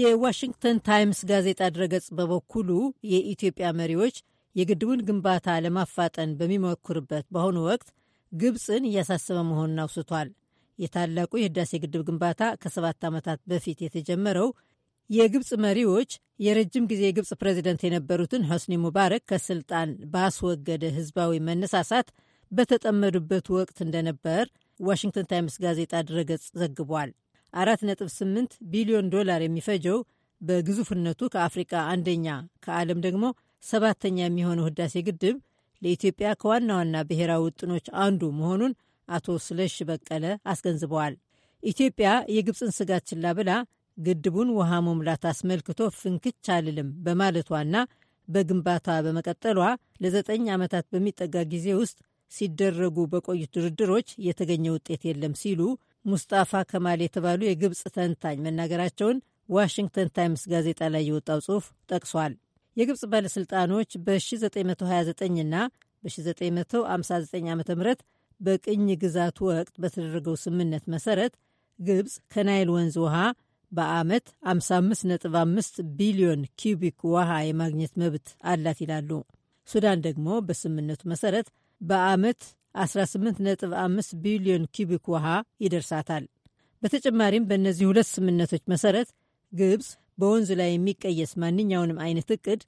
የዋሽንግተን ታይምስ ጋዜጣ ድረገጽ በበኩሉ የኢትዮጵያ መሪዎች የግድቡን ግንባታ ለማፋጠን በሚሞክርበት በአሁኑ ወቅት ግብፅን እያሳሰበ መሆኑን አውስቷል። የታላቁ የህዳሴ ግድብ ግንባታ ከሰባት ዓመታት በፊት የተጀመረው የግብፅ መሪዎች የረጅም ጊዜ የግብፅ ፕሬዚደንት የነበሩትን ሆስኒ ሙባረክ ከስልጣን ባስወገደ ህዝባዊ መነሳሳት በተጠመዱበት ወቅት እንደነበር ዋሽንግተን ታይምስ ጋዜጣ ድረገጽ ዘግቧል። 4.8 ቢሊዮን ዶላር የሚፈጀው በግዙፍነቱ ከአፍሪቃ አንደኛ ከዓለም ደግሞ ሰባተኛ የሚሆነው ህዳሴ ግድብ ለኢትዮጵያ ከዋና ዋና ብሔራዊ ውጥኖች አንዱ መሆኑን አቶ ስለሽ በቀለ አስገንዝበዋል። ኢትዮጵያ የግብፅን ስጋት ችላ ብላ ግድቡን ውሃ መሙላት አስመልክቶ ፍንክች አልልም በማለቷና በግንባታ በመቀጠሏ ለዘጠኝ ዓመታት በሚጠጋ ጊዜ ውስጥ ሲደረጉ በቆዩት ድርድሮች የተገኘ ውጤት የለም ሲሉ ሙስጣፋ ከማል የተባሉ የግብፅ ተንታኝ መናገራቸውን ዋሽንግተን ታይምስ ጋዜጣ ላይ የወጣው ጽሑፍ ጠቅሷል። የግብፅ ባለሥልጣኖች በ1929 እና በ1959 ዓ ም በቅኝ ግዛት ወቅት በተደረገው ስምምነት መሰረት ግብፅ ከናይል ወንዝ ውሃ በዓመት 55.5 ቢሊዮን ኪዩቢክ ውሃ የማግኘት መብት አላት ይላሉ። ሱዳን ደግሞ በስምምነቱ መሰረት በዓመት 18.5 ቢሊዮን ኪቢክ ውሃ ይደርሳታል። በተጨማሪም በእነዚህ ሁለት ስምምነቶች መሰረት ግብፅ በወንዙ ላይ የሚቀየስ ማንኛውንም አይነት እቅድ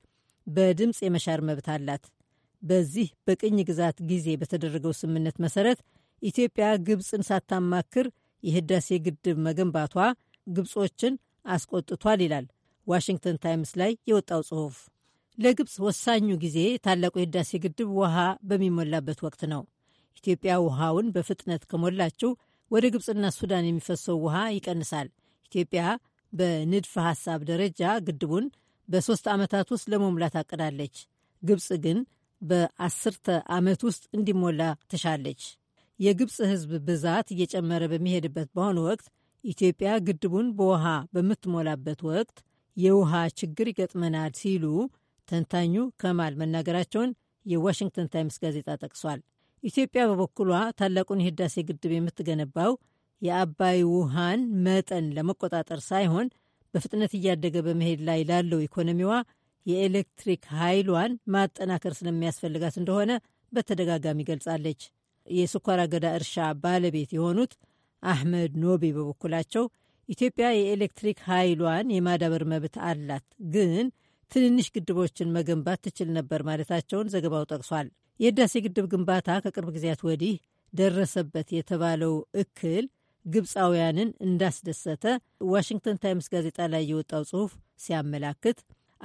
በድምፅ የመሻር መብት አላት። በዚህ በቅኝ ግዛት ጊዜ በተደረገው ስምምነት መሰረት ኢትዮጵያ ግብፅን ሳታማክር የህዳሴ ግድብ መገንባቷ ግብጾችን አስቆጥቷል ይላል ዋሽንግተን ታይምስ ላይ የወጣው ጽሑፍ። ለግብፅ ወሳኙ ጊዜ ታላቁ የህዳሴ ግድብ ውሃ በሚሞላበት ወቅት ነው። ኢትዮጵያ ውሃውን በፍጥነት ከሞላችው ወደ ግብፅና ሱዳን የሚፈሰው ውሃ ይቀንሳል። ኢትዮጵያ በንድፈ ሐሳብ ደረጃ ግድቡን በሦስት ዓመታት ውስጥ ለመሙላት አቅዳለች። ግብፅ ግን በአስርተ ዓመት ውስጥ እንዲሞላ ትሻለች። የግብፅ ሕዝብ ብዛት እየጨመረ በሚሄድበት በአሁኑ ወቅት ኢትዮጵያ ግድቡን በውሃ በምትሞላበት ወቅት የውሃ ችግር ይገጥመናል ሲሉ ተንታኙ ከማል መናገራቸውን የዋሽንግተን ታይምስ ጋዜጣ ጠቅሷል። ኢትዮጵያ በበኩሏ ታላቁን የህዳሴ ግድብ የምትገነባው የአባይ ውሃን መጠን ለመቆጣጠር ሳይሆን በፍጥነት እያደገ በመሄድ ላይ ላለው ኢኮኖሚዋ የኤሌክትሪክ ኃይሏን ማጠናከር ስለሚያስፈልጋት እንደሆነ በተደጋጋሚ ገልጻለች። የስኳር አገዳ እርሻ ባለቤት የሆኑት አህመድ ኖቤ በበኩላቸው ኢትዮጵያ የኤሌክትሪክ ኃይሏን የማዳበር መብት አላት፣ ግን ትንንሽ ግድቦችን መገንባት ትችል ነበር ማለታቸውን ዘገባው ጠቅሷል። የህዳሴ ግድብ ግንባታ ከቅርብ ጊዜያት ወዲህ ደረሰበት የተባለው እክል ግብፃውያንን እንዳስደሰተ ዋሽንግተን ታይምስ ጋዜጣ ላይ የወጣው ጽሑፍ ሲያመላክት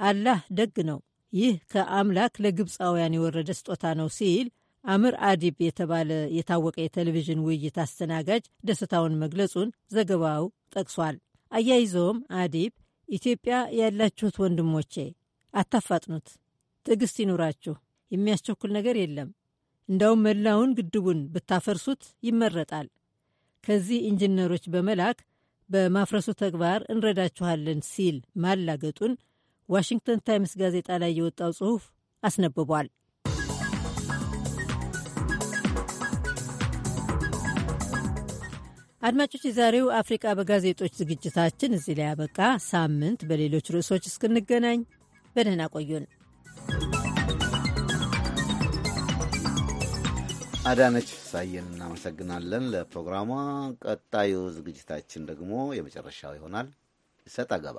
አላህ ደግ ነው፣ ይህ ከአምላክ ለግብፃውያን የወረደ ስጦታ ነው ሲል አምር አዲብ የተባለ የታወቀ የቴሌቪዥን ውይይት አስተናጋጅ ደስታውን መግለጹን ዘገባው ጠቅሷል። አያይዘውም አዲብ ኢትዮጵያ ያላችሁት ወንድሞቼ አታፋጥኑት፣ ትዕግስት ይኑራችሁ የሚያስቸኩል ነገር የለም። እንዳውም መላውን ግድቡን ብታፈርሱት ይመረጣል። ከዚህ ኢንጂነሮች በመላክ በማፍረሱ ተግባር እንረዳችኋለን ሲል ማላገጡን ዋሽንግተን ታይምስ ጋዜጣ ላይ የወጣው ጽሑፍ አስነብቧል። አድማጮች፣ የዛሬው አፍሪቃ በጋዜጦች ዝግጅታችን እዚህ ላይ ያበቃ። ሳምንት በሌሎች ርዕሶች እስክንገናኝ በደህና ቆዩን። አዳነች ሳየን እናመሰግናለን ለፕሮግራሟ። ቀጣዩ ዝግጅታችን ደግሞ የመጨረሻው ይሆናል። እሰጥ አገባ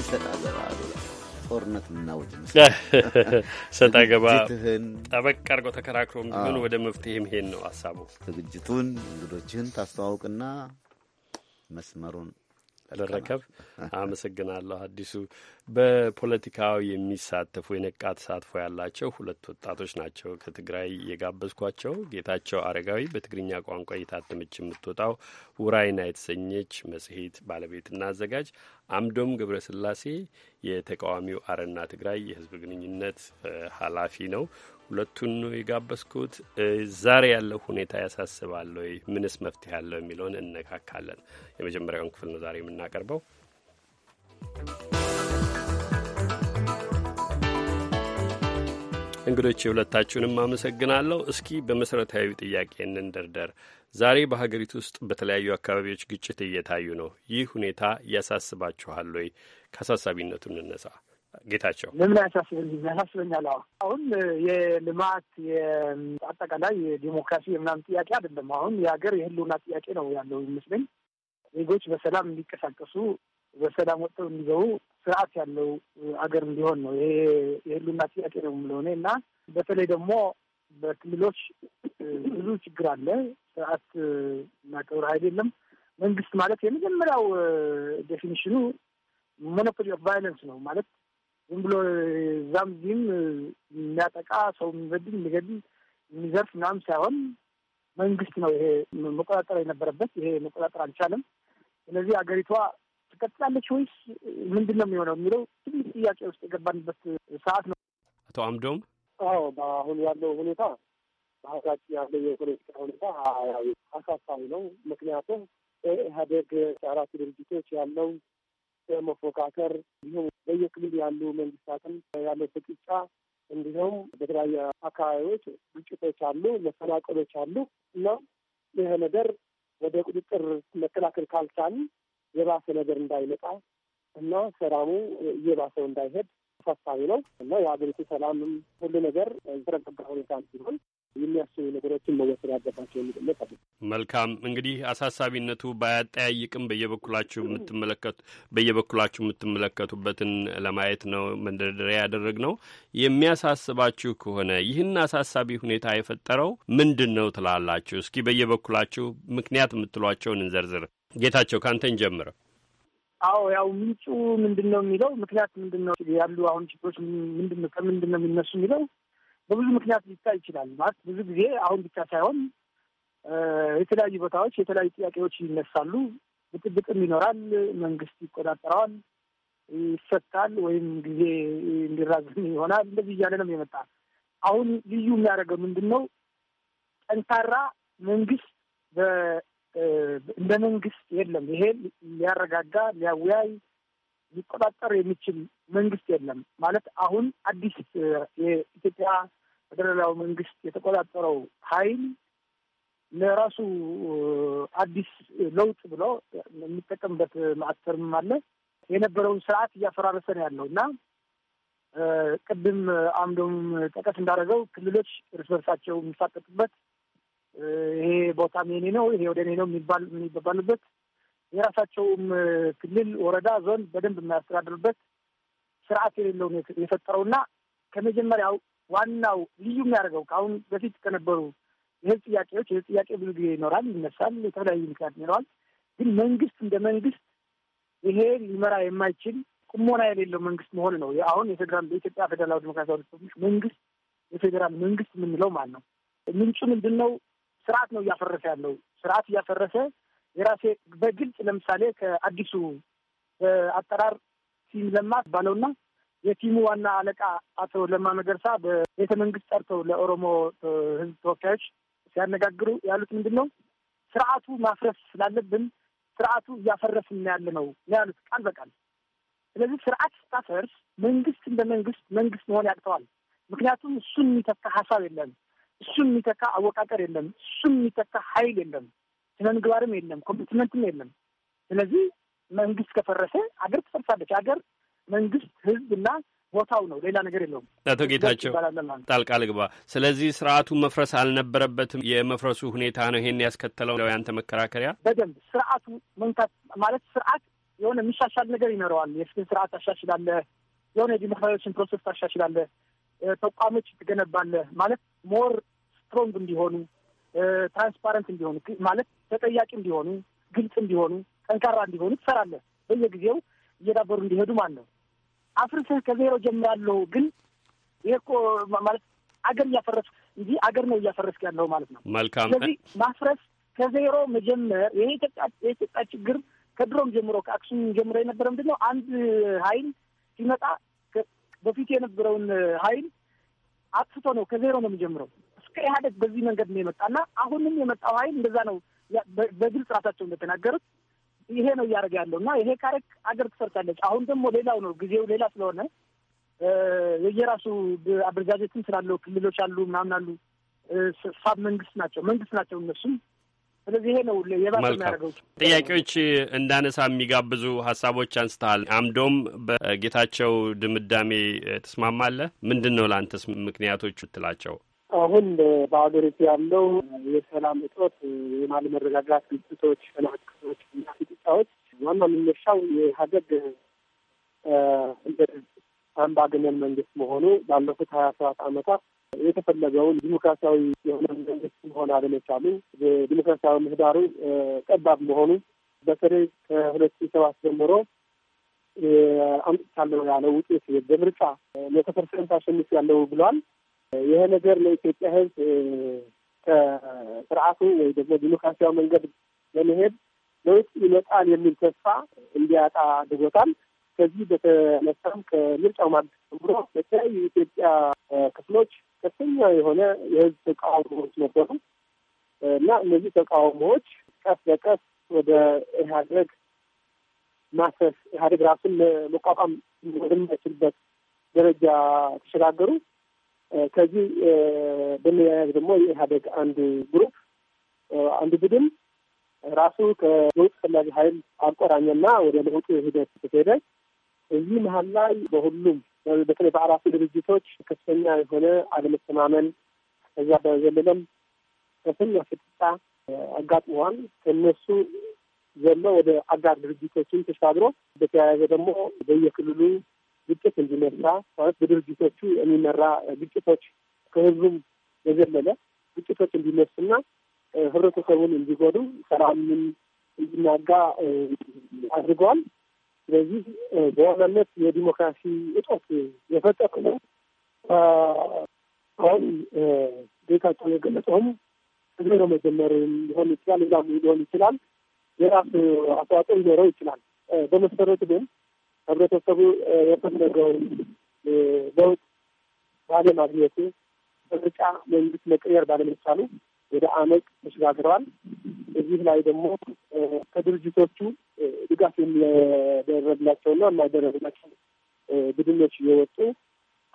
እሰጥ አገባ ጦርነት ምናወጅ ገባ አገባ ጠበቅ አድርጎ ተከራክሮ ግን ወደ መፍትሄ መሄድ ነው ሀሳቡ። ዝግጅቱን እንግዶችህን ታስተዋውቅና መስመሩን ልረከብ። አመሰግናለሁ አዲሱ። በፖለቲካው የሚሳተፉ የነቃ ተሳትፎ ያላቸው ሁለት ወጣቶች ናቸው ከትግራይ የጋበዝኳቸው። ጌታቸው አረጋዊ በትግርኛ ቋንቋ እየታተመች የምትወጣው ውራይና የተሰኘች መጽሔት ባለቤትና አዘጋጅ፣ አምዶም ገብረስላሴ የተቃዋሚው አረና ትግራይ የህዝብ ግንኙነት ኃላፊ ነው። ሁለቱን ነው የጋበዝኩት። ዛሬ ያለው ሁኔታ ያሳስባል ወይ፣ ምንስ መፍትሄ አለው የሚለውን እነካካለን። የመጀመሪያውን ክፍል ነው ዛሬ የምናቀርበው። እንግዶች የሁለታችሁንም አመሰግናለሁ። እስኪ በመሰረታዊ ጥያቄ እንንደርደር። ዛሬ በሀገሪቱ ውስጥ በተለያዩ አካባቢዎች ግጭት እየታዩ ነው። ይህ ሁኔታ ያሳስባችኋል ወይ? ከአሳሳቢነቱ እንነሳ። ጌታቸው ለምን ያሳስበኛል። አሁን የልማት አጠቃላይ የዲሞክራሲ የምናምን ጥያቄ አይደለም። አሁን የሀገር የህልውና ጥያቄ ነው ያለው ይመስለኝ። ዜጎች በሰላም እንዲቀሳቀሱ በሰላም ወጥተው እንዲገቡ፣ ስርዓት ያለው አገር እንዲሆን ነው ይሄ የህልውና ጥያቄ ነው የምለሆነ እና በተለይ ደግሞ በክልሎች ብዙ ችግር አለ። ስርዓት እና ክብረ ኃይል የለም። መንግስት ማለት የመጀመሪያው ዴፊኒሽኑ ሞኖፖሊ ኦፍ ቫይለንስ ነው ማለት ዝም ብሎ እዛም እዚህም የሚያጠቃ ሰው የሚበድል የሚገድል የሚዘርፍ ምናምን ሳይሆን መንግስት ነው ይሄ መቆጣጠር የነበረበት። ይሄ መቆጣጠር አልቻለም። ስለዚህ አገሪቷ ትቀጥላለች ወይስ ምንድን ነው የሚሆነው የሚለው ትልቅ ጥያቄ ውስጥ የገባንበት ሰዓት ነው። አቶ አምዶም፣ አዎ በአሁን ያለው ሁኔታ በሀገራችን ያለው የፖለቲካ ሁኔታ አሳሳቢ ነው። ምክንያቱም ኢህአዴግ አራት ድርጅቶች ያለው መፎካከር እንዲሁም በየክልል ያሉ መንግስታትም ያለ ፍጥጫ እንዲሁም በተለያዩ አካባቢዎች ግጭቶች አሉ፣ መፈናቀሎች አሉ እና ይህ ነገር ወደ ቁጥጥር መከላከል ካልቻል የባሰ ነገር እንዳይመጣ እና ሰላሙ እየባሰው እንዳይሄድ አሳሳቢ ነው እና የሀገሪቱ ሰላምም ሁሉ ነገር የተረጋጋ ሁኔታ ሲሆን የሚያስቡ ነገሮችን መወሰድ አለባቸው የሚልነት አለ። መልካም እንግዲህ አሳሳቢነቱ ባያጠያይቅም በየበኩላችሁ የምትመለከቱ በየበኩላችሁ የምትመለከቱበትን ለማየት ነው መንደርደሪያ ያደረግ ነው። የሚያሳስባችሁ ከሆነ ይህን አሳሳቢ ሁኔታ የፈጠረው ምንድን ነው ትላላችሁ? እስኪ በየበኩላችሁ ምክንያት የምትሏቸውን እንዘርዝር። ጌታቸው ካንተን ጀምረ። አዎ ያው ምንጩ ምንድን ነው የሚለው ምክንያት ምንድን ነው ያሉ አሁን ችግሮች ምንድን ነው ከምንድን ነው የሚነሱ የሚለው በብዙ ምክንያት ሊታይ ይችላል። ማለት ብዙ ጊዜ አሁን ብቻ ሳይሆን የተለያዩ ቦታዎች የተለያዩ ጥያቄዎች ይነሳሉ። ብጥብጥም ይኖራል። መንግስት ይቆጣጠረዋል፣ ይፈታል፣ ወይም ጊዜ እንዲራዘም ይሆናል። እንደዚህ እያለ ነው የመጣ። አሁን ልዩ የሚያደርገው ምንድን ነው? ጠንካራ መንግስት እንደ መንግስት የለም። ይሄ ሊያረጋጋ፣ ሊያወያይ፣ ሊቆጣጠር የሚችል መንግስት የለም ማለት አሁን አዲስ የኢትዮጵያ ፌዴራላዊ መንግስት የተቆጣጠረው ኃይል ለራሱ አዲስ ለውጥ ብሎ የሚጠቀምበት ማዕተርም አለ። የነበረውን ስርዓት እያፈራረሰ ነው ያለው እና ቅድም አምዶም ጠቀስ እንዳደረገው ክልሎች እርስ በርሳቸው የሚፋጠጡበት ይሄ ቦታም የኔ ነው ይሄ ወደ እኔ ነው የሚባል የሚባባሉበት የራሳቸውም ክልል፣ ወረዳ፣ ዞን በደንብ የሚያስተዳድሩበት ስርዓት የፈጠረው እና ከመጀመሪያው ዋናው ልዩ የሚያደርገው ከአሁን በፊት ከነበሩ የህዝብ ጥያቄዎች የህዝብ ጥያቄ ብዙ ጊዜ ይኖራል፣ ይነሳል፣ የተለያዩ ምክንያት ይኖረዋል። ግን መንግስት እንደ መንግስት ይሄ ሊመራ የማይችል ቁሞና የሌለው መንግስት መሆን ነው። አሁን የፌዴራል በኢትዮጵያ ፌዴራላዊ ዲሞክራሲያዊ ሪፐብሊክ መንግስት የፌዴራል መንግስት የምንለው ማለት ነው። ምንጩ ምንድን ነው? ስርዓት ነው እያፈረሰ ያለው ስርዓት እያፈረሰ የራሴ በግልጽ ለምሳሌ ከአዲሱ አጠራር ሲለማ ባለውና የቲሙ ዋና አለቃ አቶ ለማ መገርሳ በቤተ መንግስት ጠርተው ለኦሮሞ ህዝብ ተወካዮች ሲያነጋግሩ ያሉት ምንድን ነው? ስርዓቱ ማፍረስ ስላለብን ስርዓቱ እያፈረስን ያለ ነው ያሉት ቃል በቃል። ስለዚህ ስርዓት ስታፈርስ መንግስት እንደ መንግስት መንግስት መሆን ያቅተዋል። ምክንያቱም እሱን የሚተካ ሀሳብ የለም፣ እሱን የሚተካ አወቃቀር የለም፣ እሱን የሚተካ ሀይል የለም፣ ስነ ምግባርም የለም፣ ኮሚትመንትም የለም። ስለዚህ መንግስት ከፈረሰ አገር ትፈርሳለች። አገር መንግስት፣ ህዝብ እና ቦታው ነው። ሌላ ነገር የለውም። አቶ ጌታቸው ጣልቃ ልግባ። ስለዚህ ስርዓቱ መፍረስ አልነበረበትም። የመፍረሱ ሁኔታ ነው ይሄን ያስከተለው ነው ያንተ መከራከሪያ? በደንብ ስርዓቱ መንካት ማለት ስርዓት የሆነ የሚሻሻል ነገር ይኖረዋል። የፍትህ ስርዓት ታሻሽላለህ፣ የሆነ የዲሞክራሲዎችን ፕሮሰስ ታሻሽላለህ፣ ተቋሞች ትገነባለህ። ማለት ሞር ስትሮንግ እንዲሆኑ ትራንስፓረንት እንዲሆኑ ማለት ተጠያቂ እንዲሆኑ፣ ግልጽ እንዲሆኑ፣ ጠንካራ እንዲሆኑ ትሰራለህ። በየጊዜው እየዳበሩ እንዲሄዱ ማለት ነው አፍርስህ ከዜሮ ጀምራለሁ። ግን ይህ እኮ ማለት አገር እያፈረስክ እንጂ አገር ነው እያፈረስክ ያለው ማለት ነው። መልካም። ስለዚህ ማፍረስ ከዜሮ መጀመር ይሄ የኢትዮጵያ ችግር ከድሮም ጀምሮ ከአክሱም ጀምሮ የነበረ ምንድን ነው? አንድ ኃይል ሲመጣ በፊት የነበረውን ኃይል አጥፍቶ ነው ከዜሮ ነው የሚጀምረው። እስከ ኢህአዴግ በዚህ መንገድ ነው የመጣ እና አሁንም የመጣው ኃይል እንደዛ ነው። በግልጽ ራሳቸው እንደተናገሩት ይሄ ነው እያደረገ ያለው እና ይሄ ካረክ አገር ትሰርታለች። አሁን ደግሞ ሌላው ነው ጊዜው ሌላ ስለሆነ የየራሱ አደረጃጀትም ስላለው ክልሎች አሉ ምናምን አሉ ሳብ መንግስት ናቸው መንግስት ናቸው እነሱም ስለዚህ ይሄ ነው ጥያቄዎች እንዳነሳ የሚጋብዙ ሀሳቦች አንስተሃል። አምዶም በጌታቸው ድምዳሜ ትስማማለህ? ምንድን ነው ለአንተስ ምክንያቶች ትላቸው? አሁን በሀገሪቱ ያለው የሰላም እጦት፣ የማል መረጋጋት ግጭቶች፣ ፈናክቶች እና ፍጥጫዎች ዋና መነሻው የኢህአዴግ እንደ አምባገነን መንግስት መሆኑ ባለፉት ሀያ ሰባት አመታት የተፈለገውን ዲሞክራሲያዊ የሆነ መንግስት መሆን አለመቻሉ፣ የዲሞክራሲያዊ ምህዳሩ ጠባብ መሆኑ በተለይ ከሁለት ሺ ሰባት ጀምሮ አምጥቻለሁ ያለው ውጤት በምርጫ መቶ ፐርሰንት አሸንፍ ያለው ብሏል። ይሄ ነገር ለኢትዮጵያ ሕዝብ ከስርዓቱ ወይ ደግሞ ዲሞክራሲያዊ መንገድ ለመሄድ ለውጥ ይመጣል የሚል ተስፋ እንዲያጣ አድርጎታል። ከዚህ በተነሳም ከምርጫው ማለት ጀምሮ በተለያዩ የኢትዮጵያ ክፍሎች ከፍተኛ የሆነ የህዝብ ተቃውሞዎች ነበሩ እና እነዚህ ተቃውሞዎች ቀስ በቀስ ወደ ኢህአዴግ ማሰስ ኢህአዴግ ራሱን መቋቋም ወደማይችልበት ደረጃ ተሸጋገሩ። ከዚህ በመያያዝ ደግሞ የኢህአዴግ አንድ ግሩፕ አንድ ቡድን ራሱ ከለውጥ ፈላጊ ሀይል አቆራኘና ወደ ለውጡ ሂደት ተሄደ። እዚህ መሀል ላይ በሁሉም በተለይ በአራቱ ድርጅቶች ከፍተኛ የሆነ አለመተማመን ከዛ በዘለለም ከፍተኛ ፍጥጫ አጋጥመዋል። ከነሱ ዘሎ ወደ አጋር ድርጅቶችን ተሻግሮ በተያያዘ ደግሞ በየክልሉ ግጭት እንዲነሳ ማለት በድርጅቶቹ የሚመራ ግጭቶች ከህዝቡም የዘለለ ግጭቶች እንዲነሱና ህብረተሰቡን እንዲጎዱ ሰላምን እንዲናጋ አድርገዋል። ስለዚህ በዋናነት የዲሞክራሲ እጦት የፈጠቅ ነው። አሁን ቤታቸው የገለጸውም ህዝብ ነው መጀመሪያም ሊሆን ይችላል፣ ሌላም ሊሆን ይችላል፣ የራስ አስተዋጽኦ ሊኖረው ይችላል። በመሰረቱ ግን ህብረተሰቡ የፈለገውን ለውጥ ባለማግኘቱ ምርጫ መንግስት መቀየር ባለመቻሉ ወደ አመቅ ተሸጋግረዋል። እዚህ ላይ ደግሞ ከድርጅቶቹ ድጋፍ የሚደረግላቸውና የማይደረግላቸው ቡድኖች እየወጡ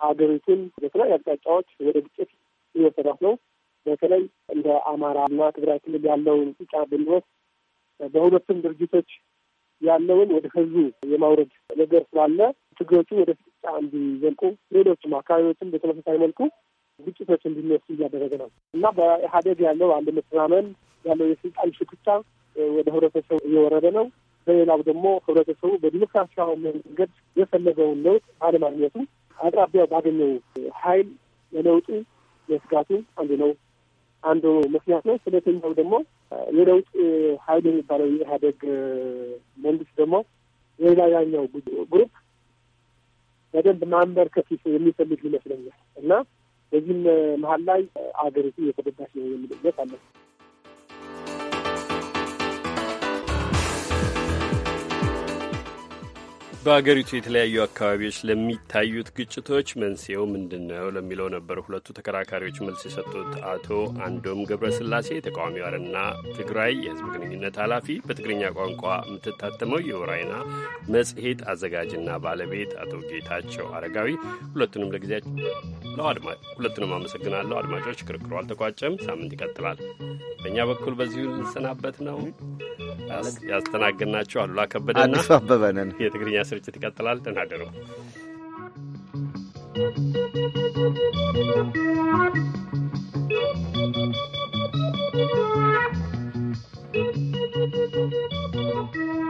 ሀገሪቱን በተለያዩ አቅጣጫዎች ወደ ግጭት እየወሰዳት ነው። በተለይ እንደ አማራና ትግራይ ክልል ያለውን ጫ ብንወስድ በሁለቱም ድርጅቶች ያለውን ወደ ህዝቡ የማውረድ ነገር ስላለ ችግሮቹ ወደ ፍጥጫ እንዲዘልቁ ሌሎችም አካባቢዎችም በተመሳሳይ መልኩ ግጭቶች እንዲነሱ እያደረገ ነው እና በኢህአዴግ ያለው አንድ መተማመን ያለው የስልጣን ሽኩቻ ወደ ህብረተሰቡ እየወረደ ነው። በሌላው ደግሞ ህብረተሰቡ በዲሞክራሲያዊ መንገድ የፈለገውን ለውጥ አለማግኘቱ አቅራቢያው ባገኘው ኃይል ለለውጡ የስጋቱ አንዱ ነው። አንዱ ምክንያት ነው። ሁለተኛው ደግሞ የለውጥ ኃይል የሚባለው የኢህአደግ መንግስት ደግሞ ሌላ ያኛው ግሩፕ በደንብ ማንበርከት የሚፈልግ ይመስለኛል እና በዚህም መሀል ላይ አገሪቱ የተደዳሽ ነው የሚልበት አለ። በአገሪቱ የተለያዩ አካባቢዎች ለሚታዩት ግጭቶች መንስኤው ምንድን ነው ለሚለው ነበር ሁለቱ ተከራካሪዎች መልስ የሰጡት። አቶ አንዶም ገብረስላሴ የተቃዋሚ ዋርና ትግራይ የህዝብ ግንኙነት ኃላፊ፣ በትግርኛ ቋንቋ የምትታተመው የወራይና መጽሔት አዘጋጅና ባለቤት አቶ ጌታቸው አረጋዊ። ሁለቱንም ለጊዜያቸው ሁለቱንም አመሰግናለሁ። አድማጮች፣ ክርክሩ አልተቋጨም፣ ሳምንት ይቀጥላል። በእኛ በኩል በዚሁ ልንሰናበት ነው። ያስተናግናቸው አሉላ ከበደና አዲሱ አበበ ነን የትግርኛ ስርጭት ይቀጥላል። ደህና ደሩ። Thank you.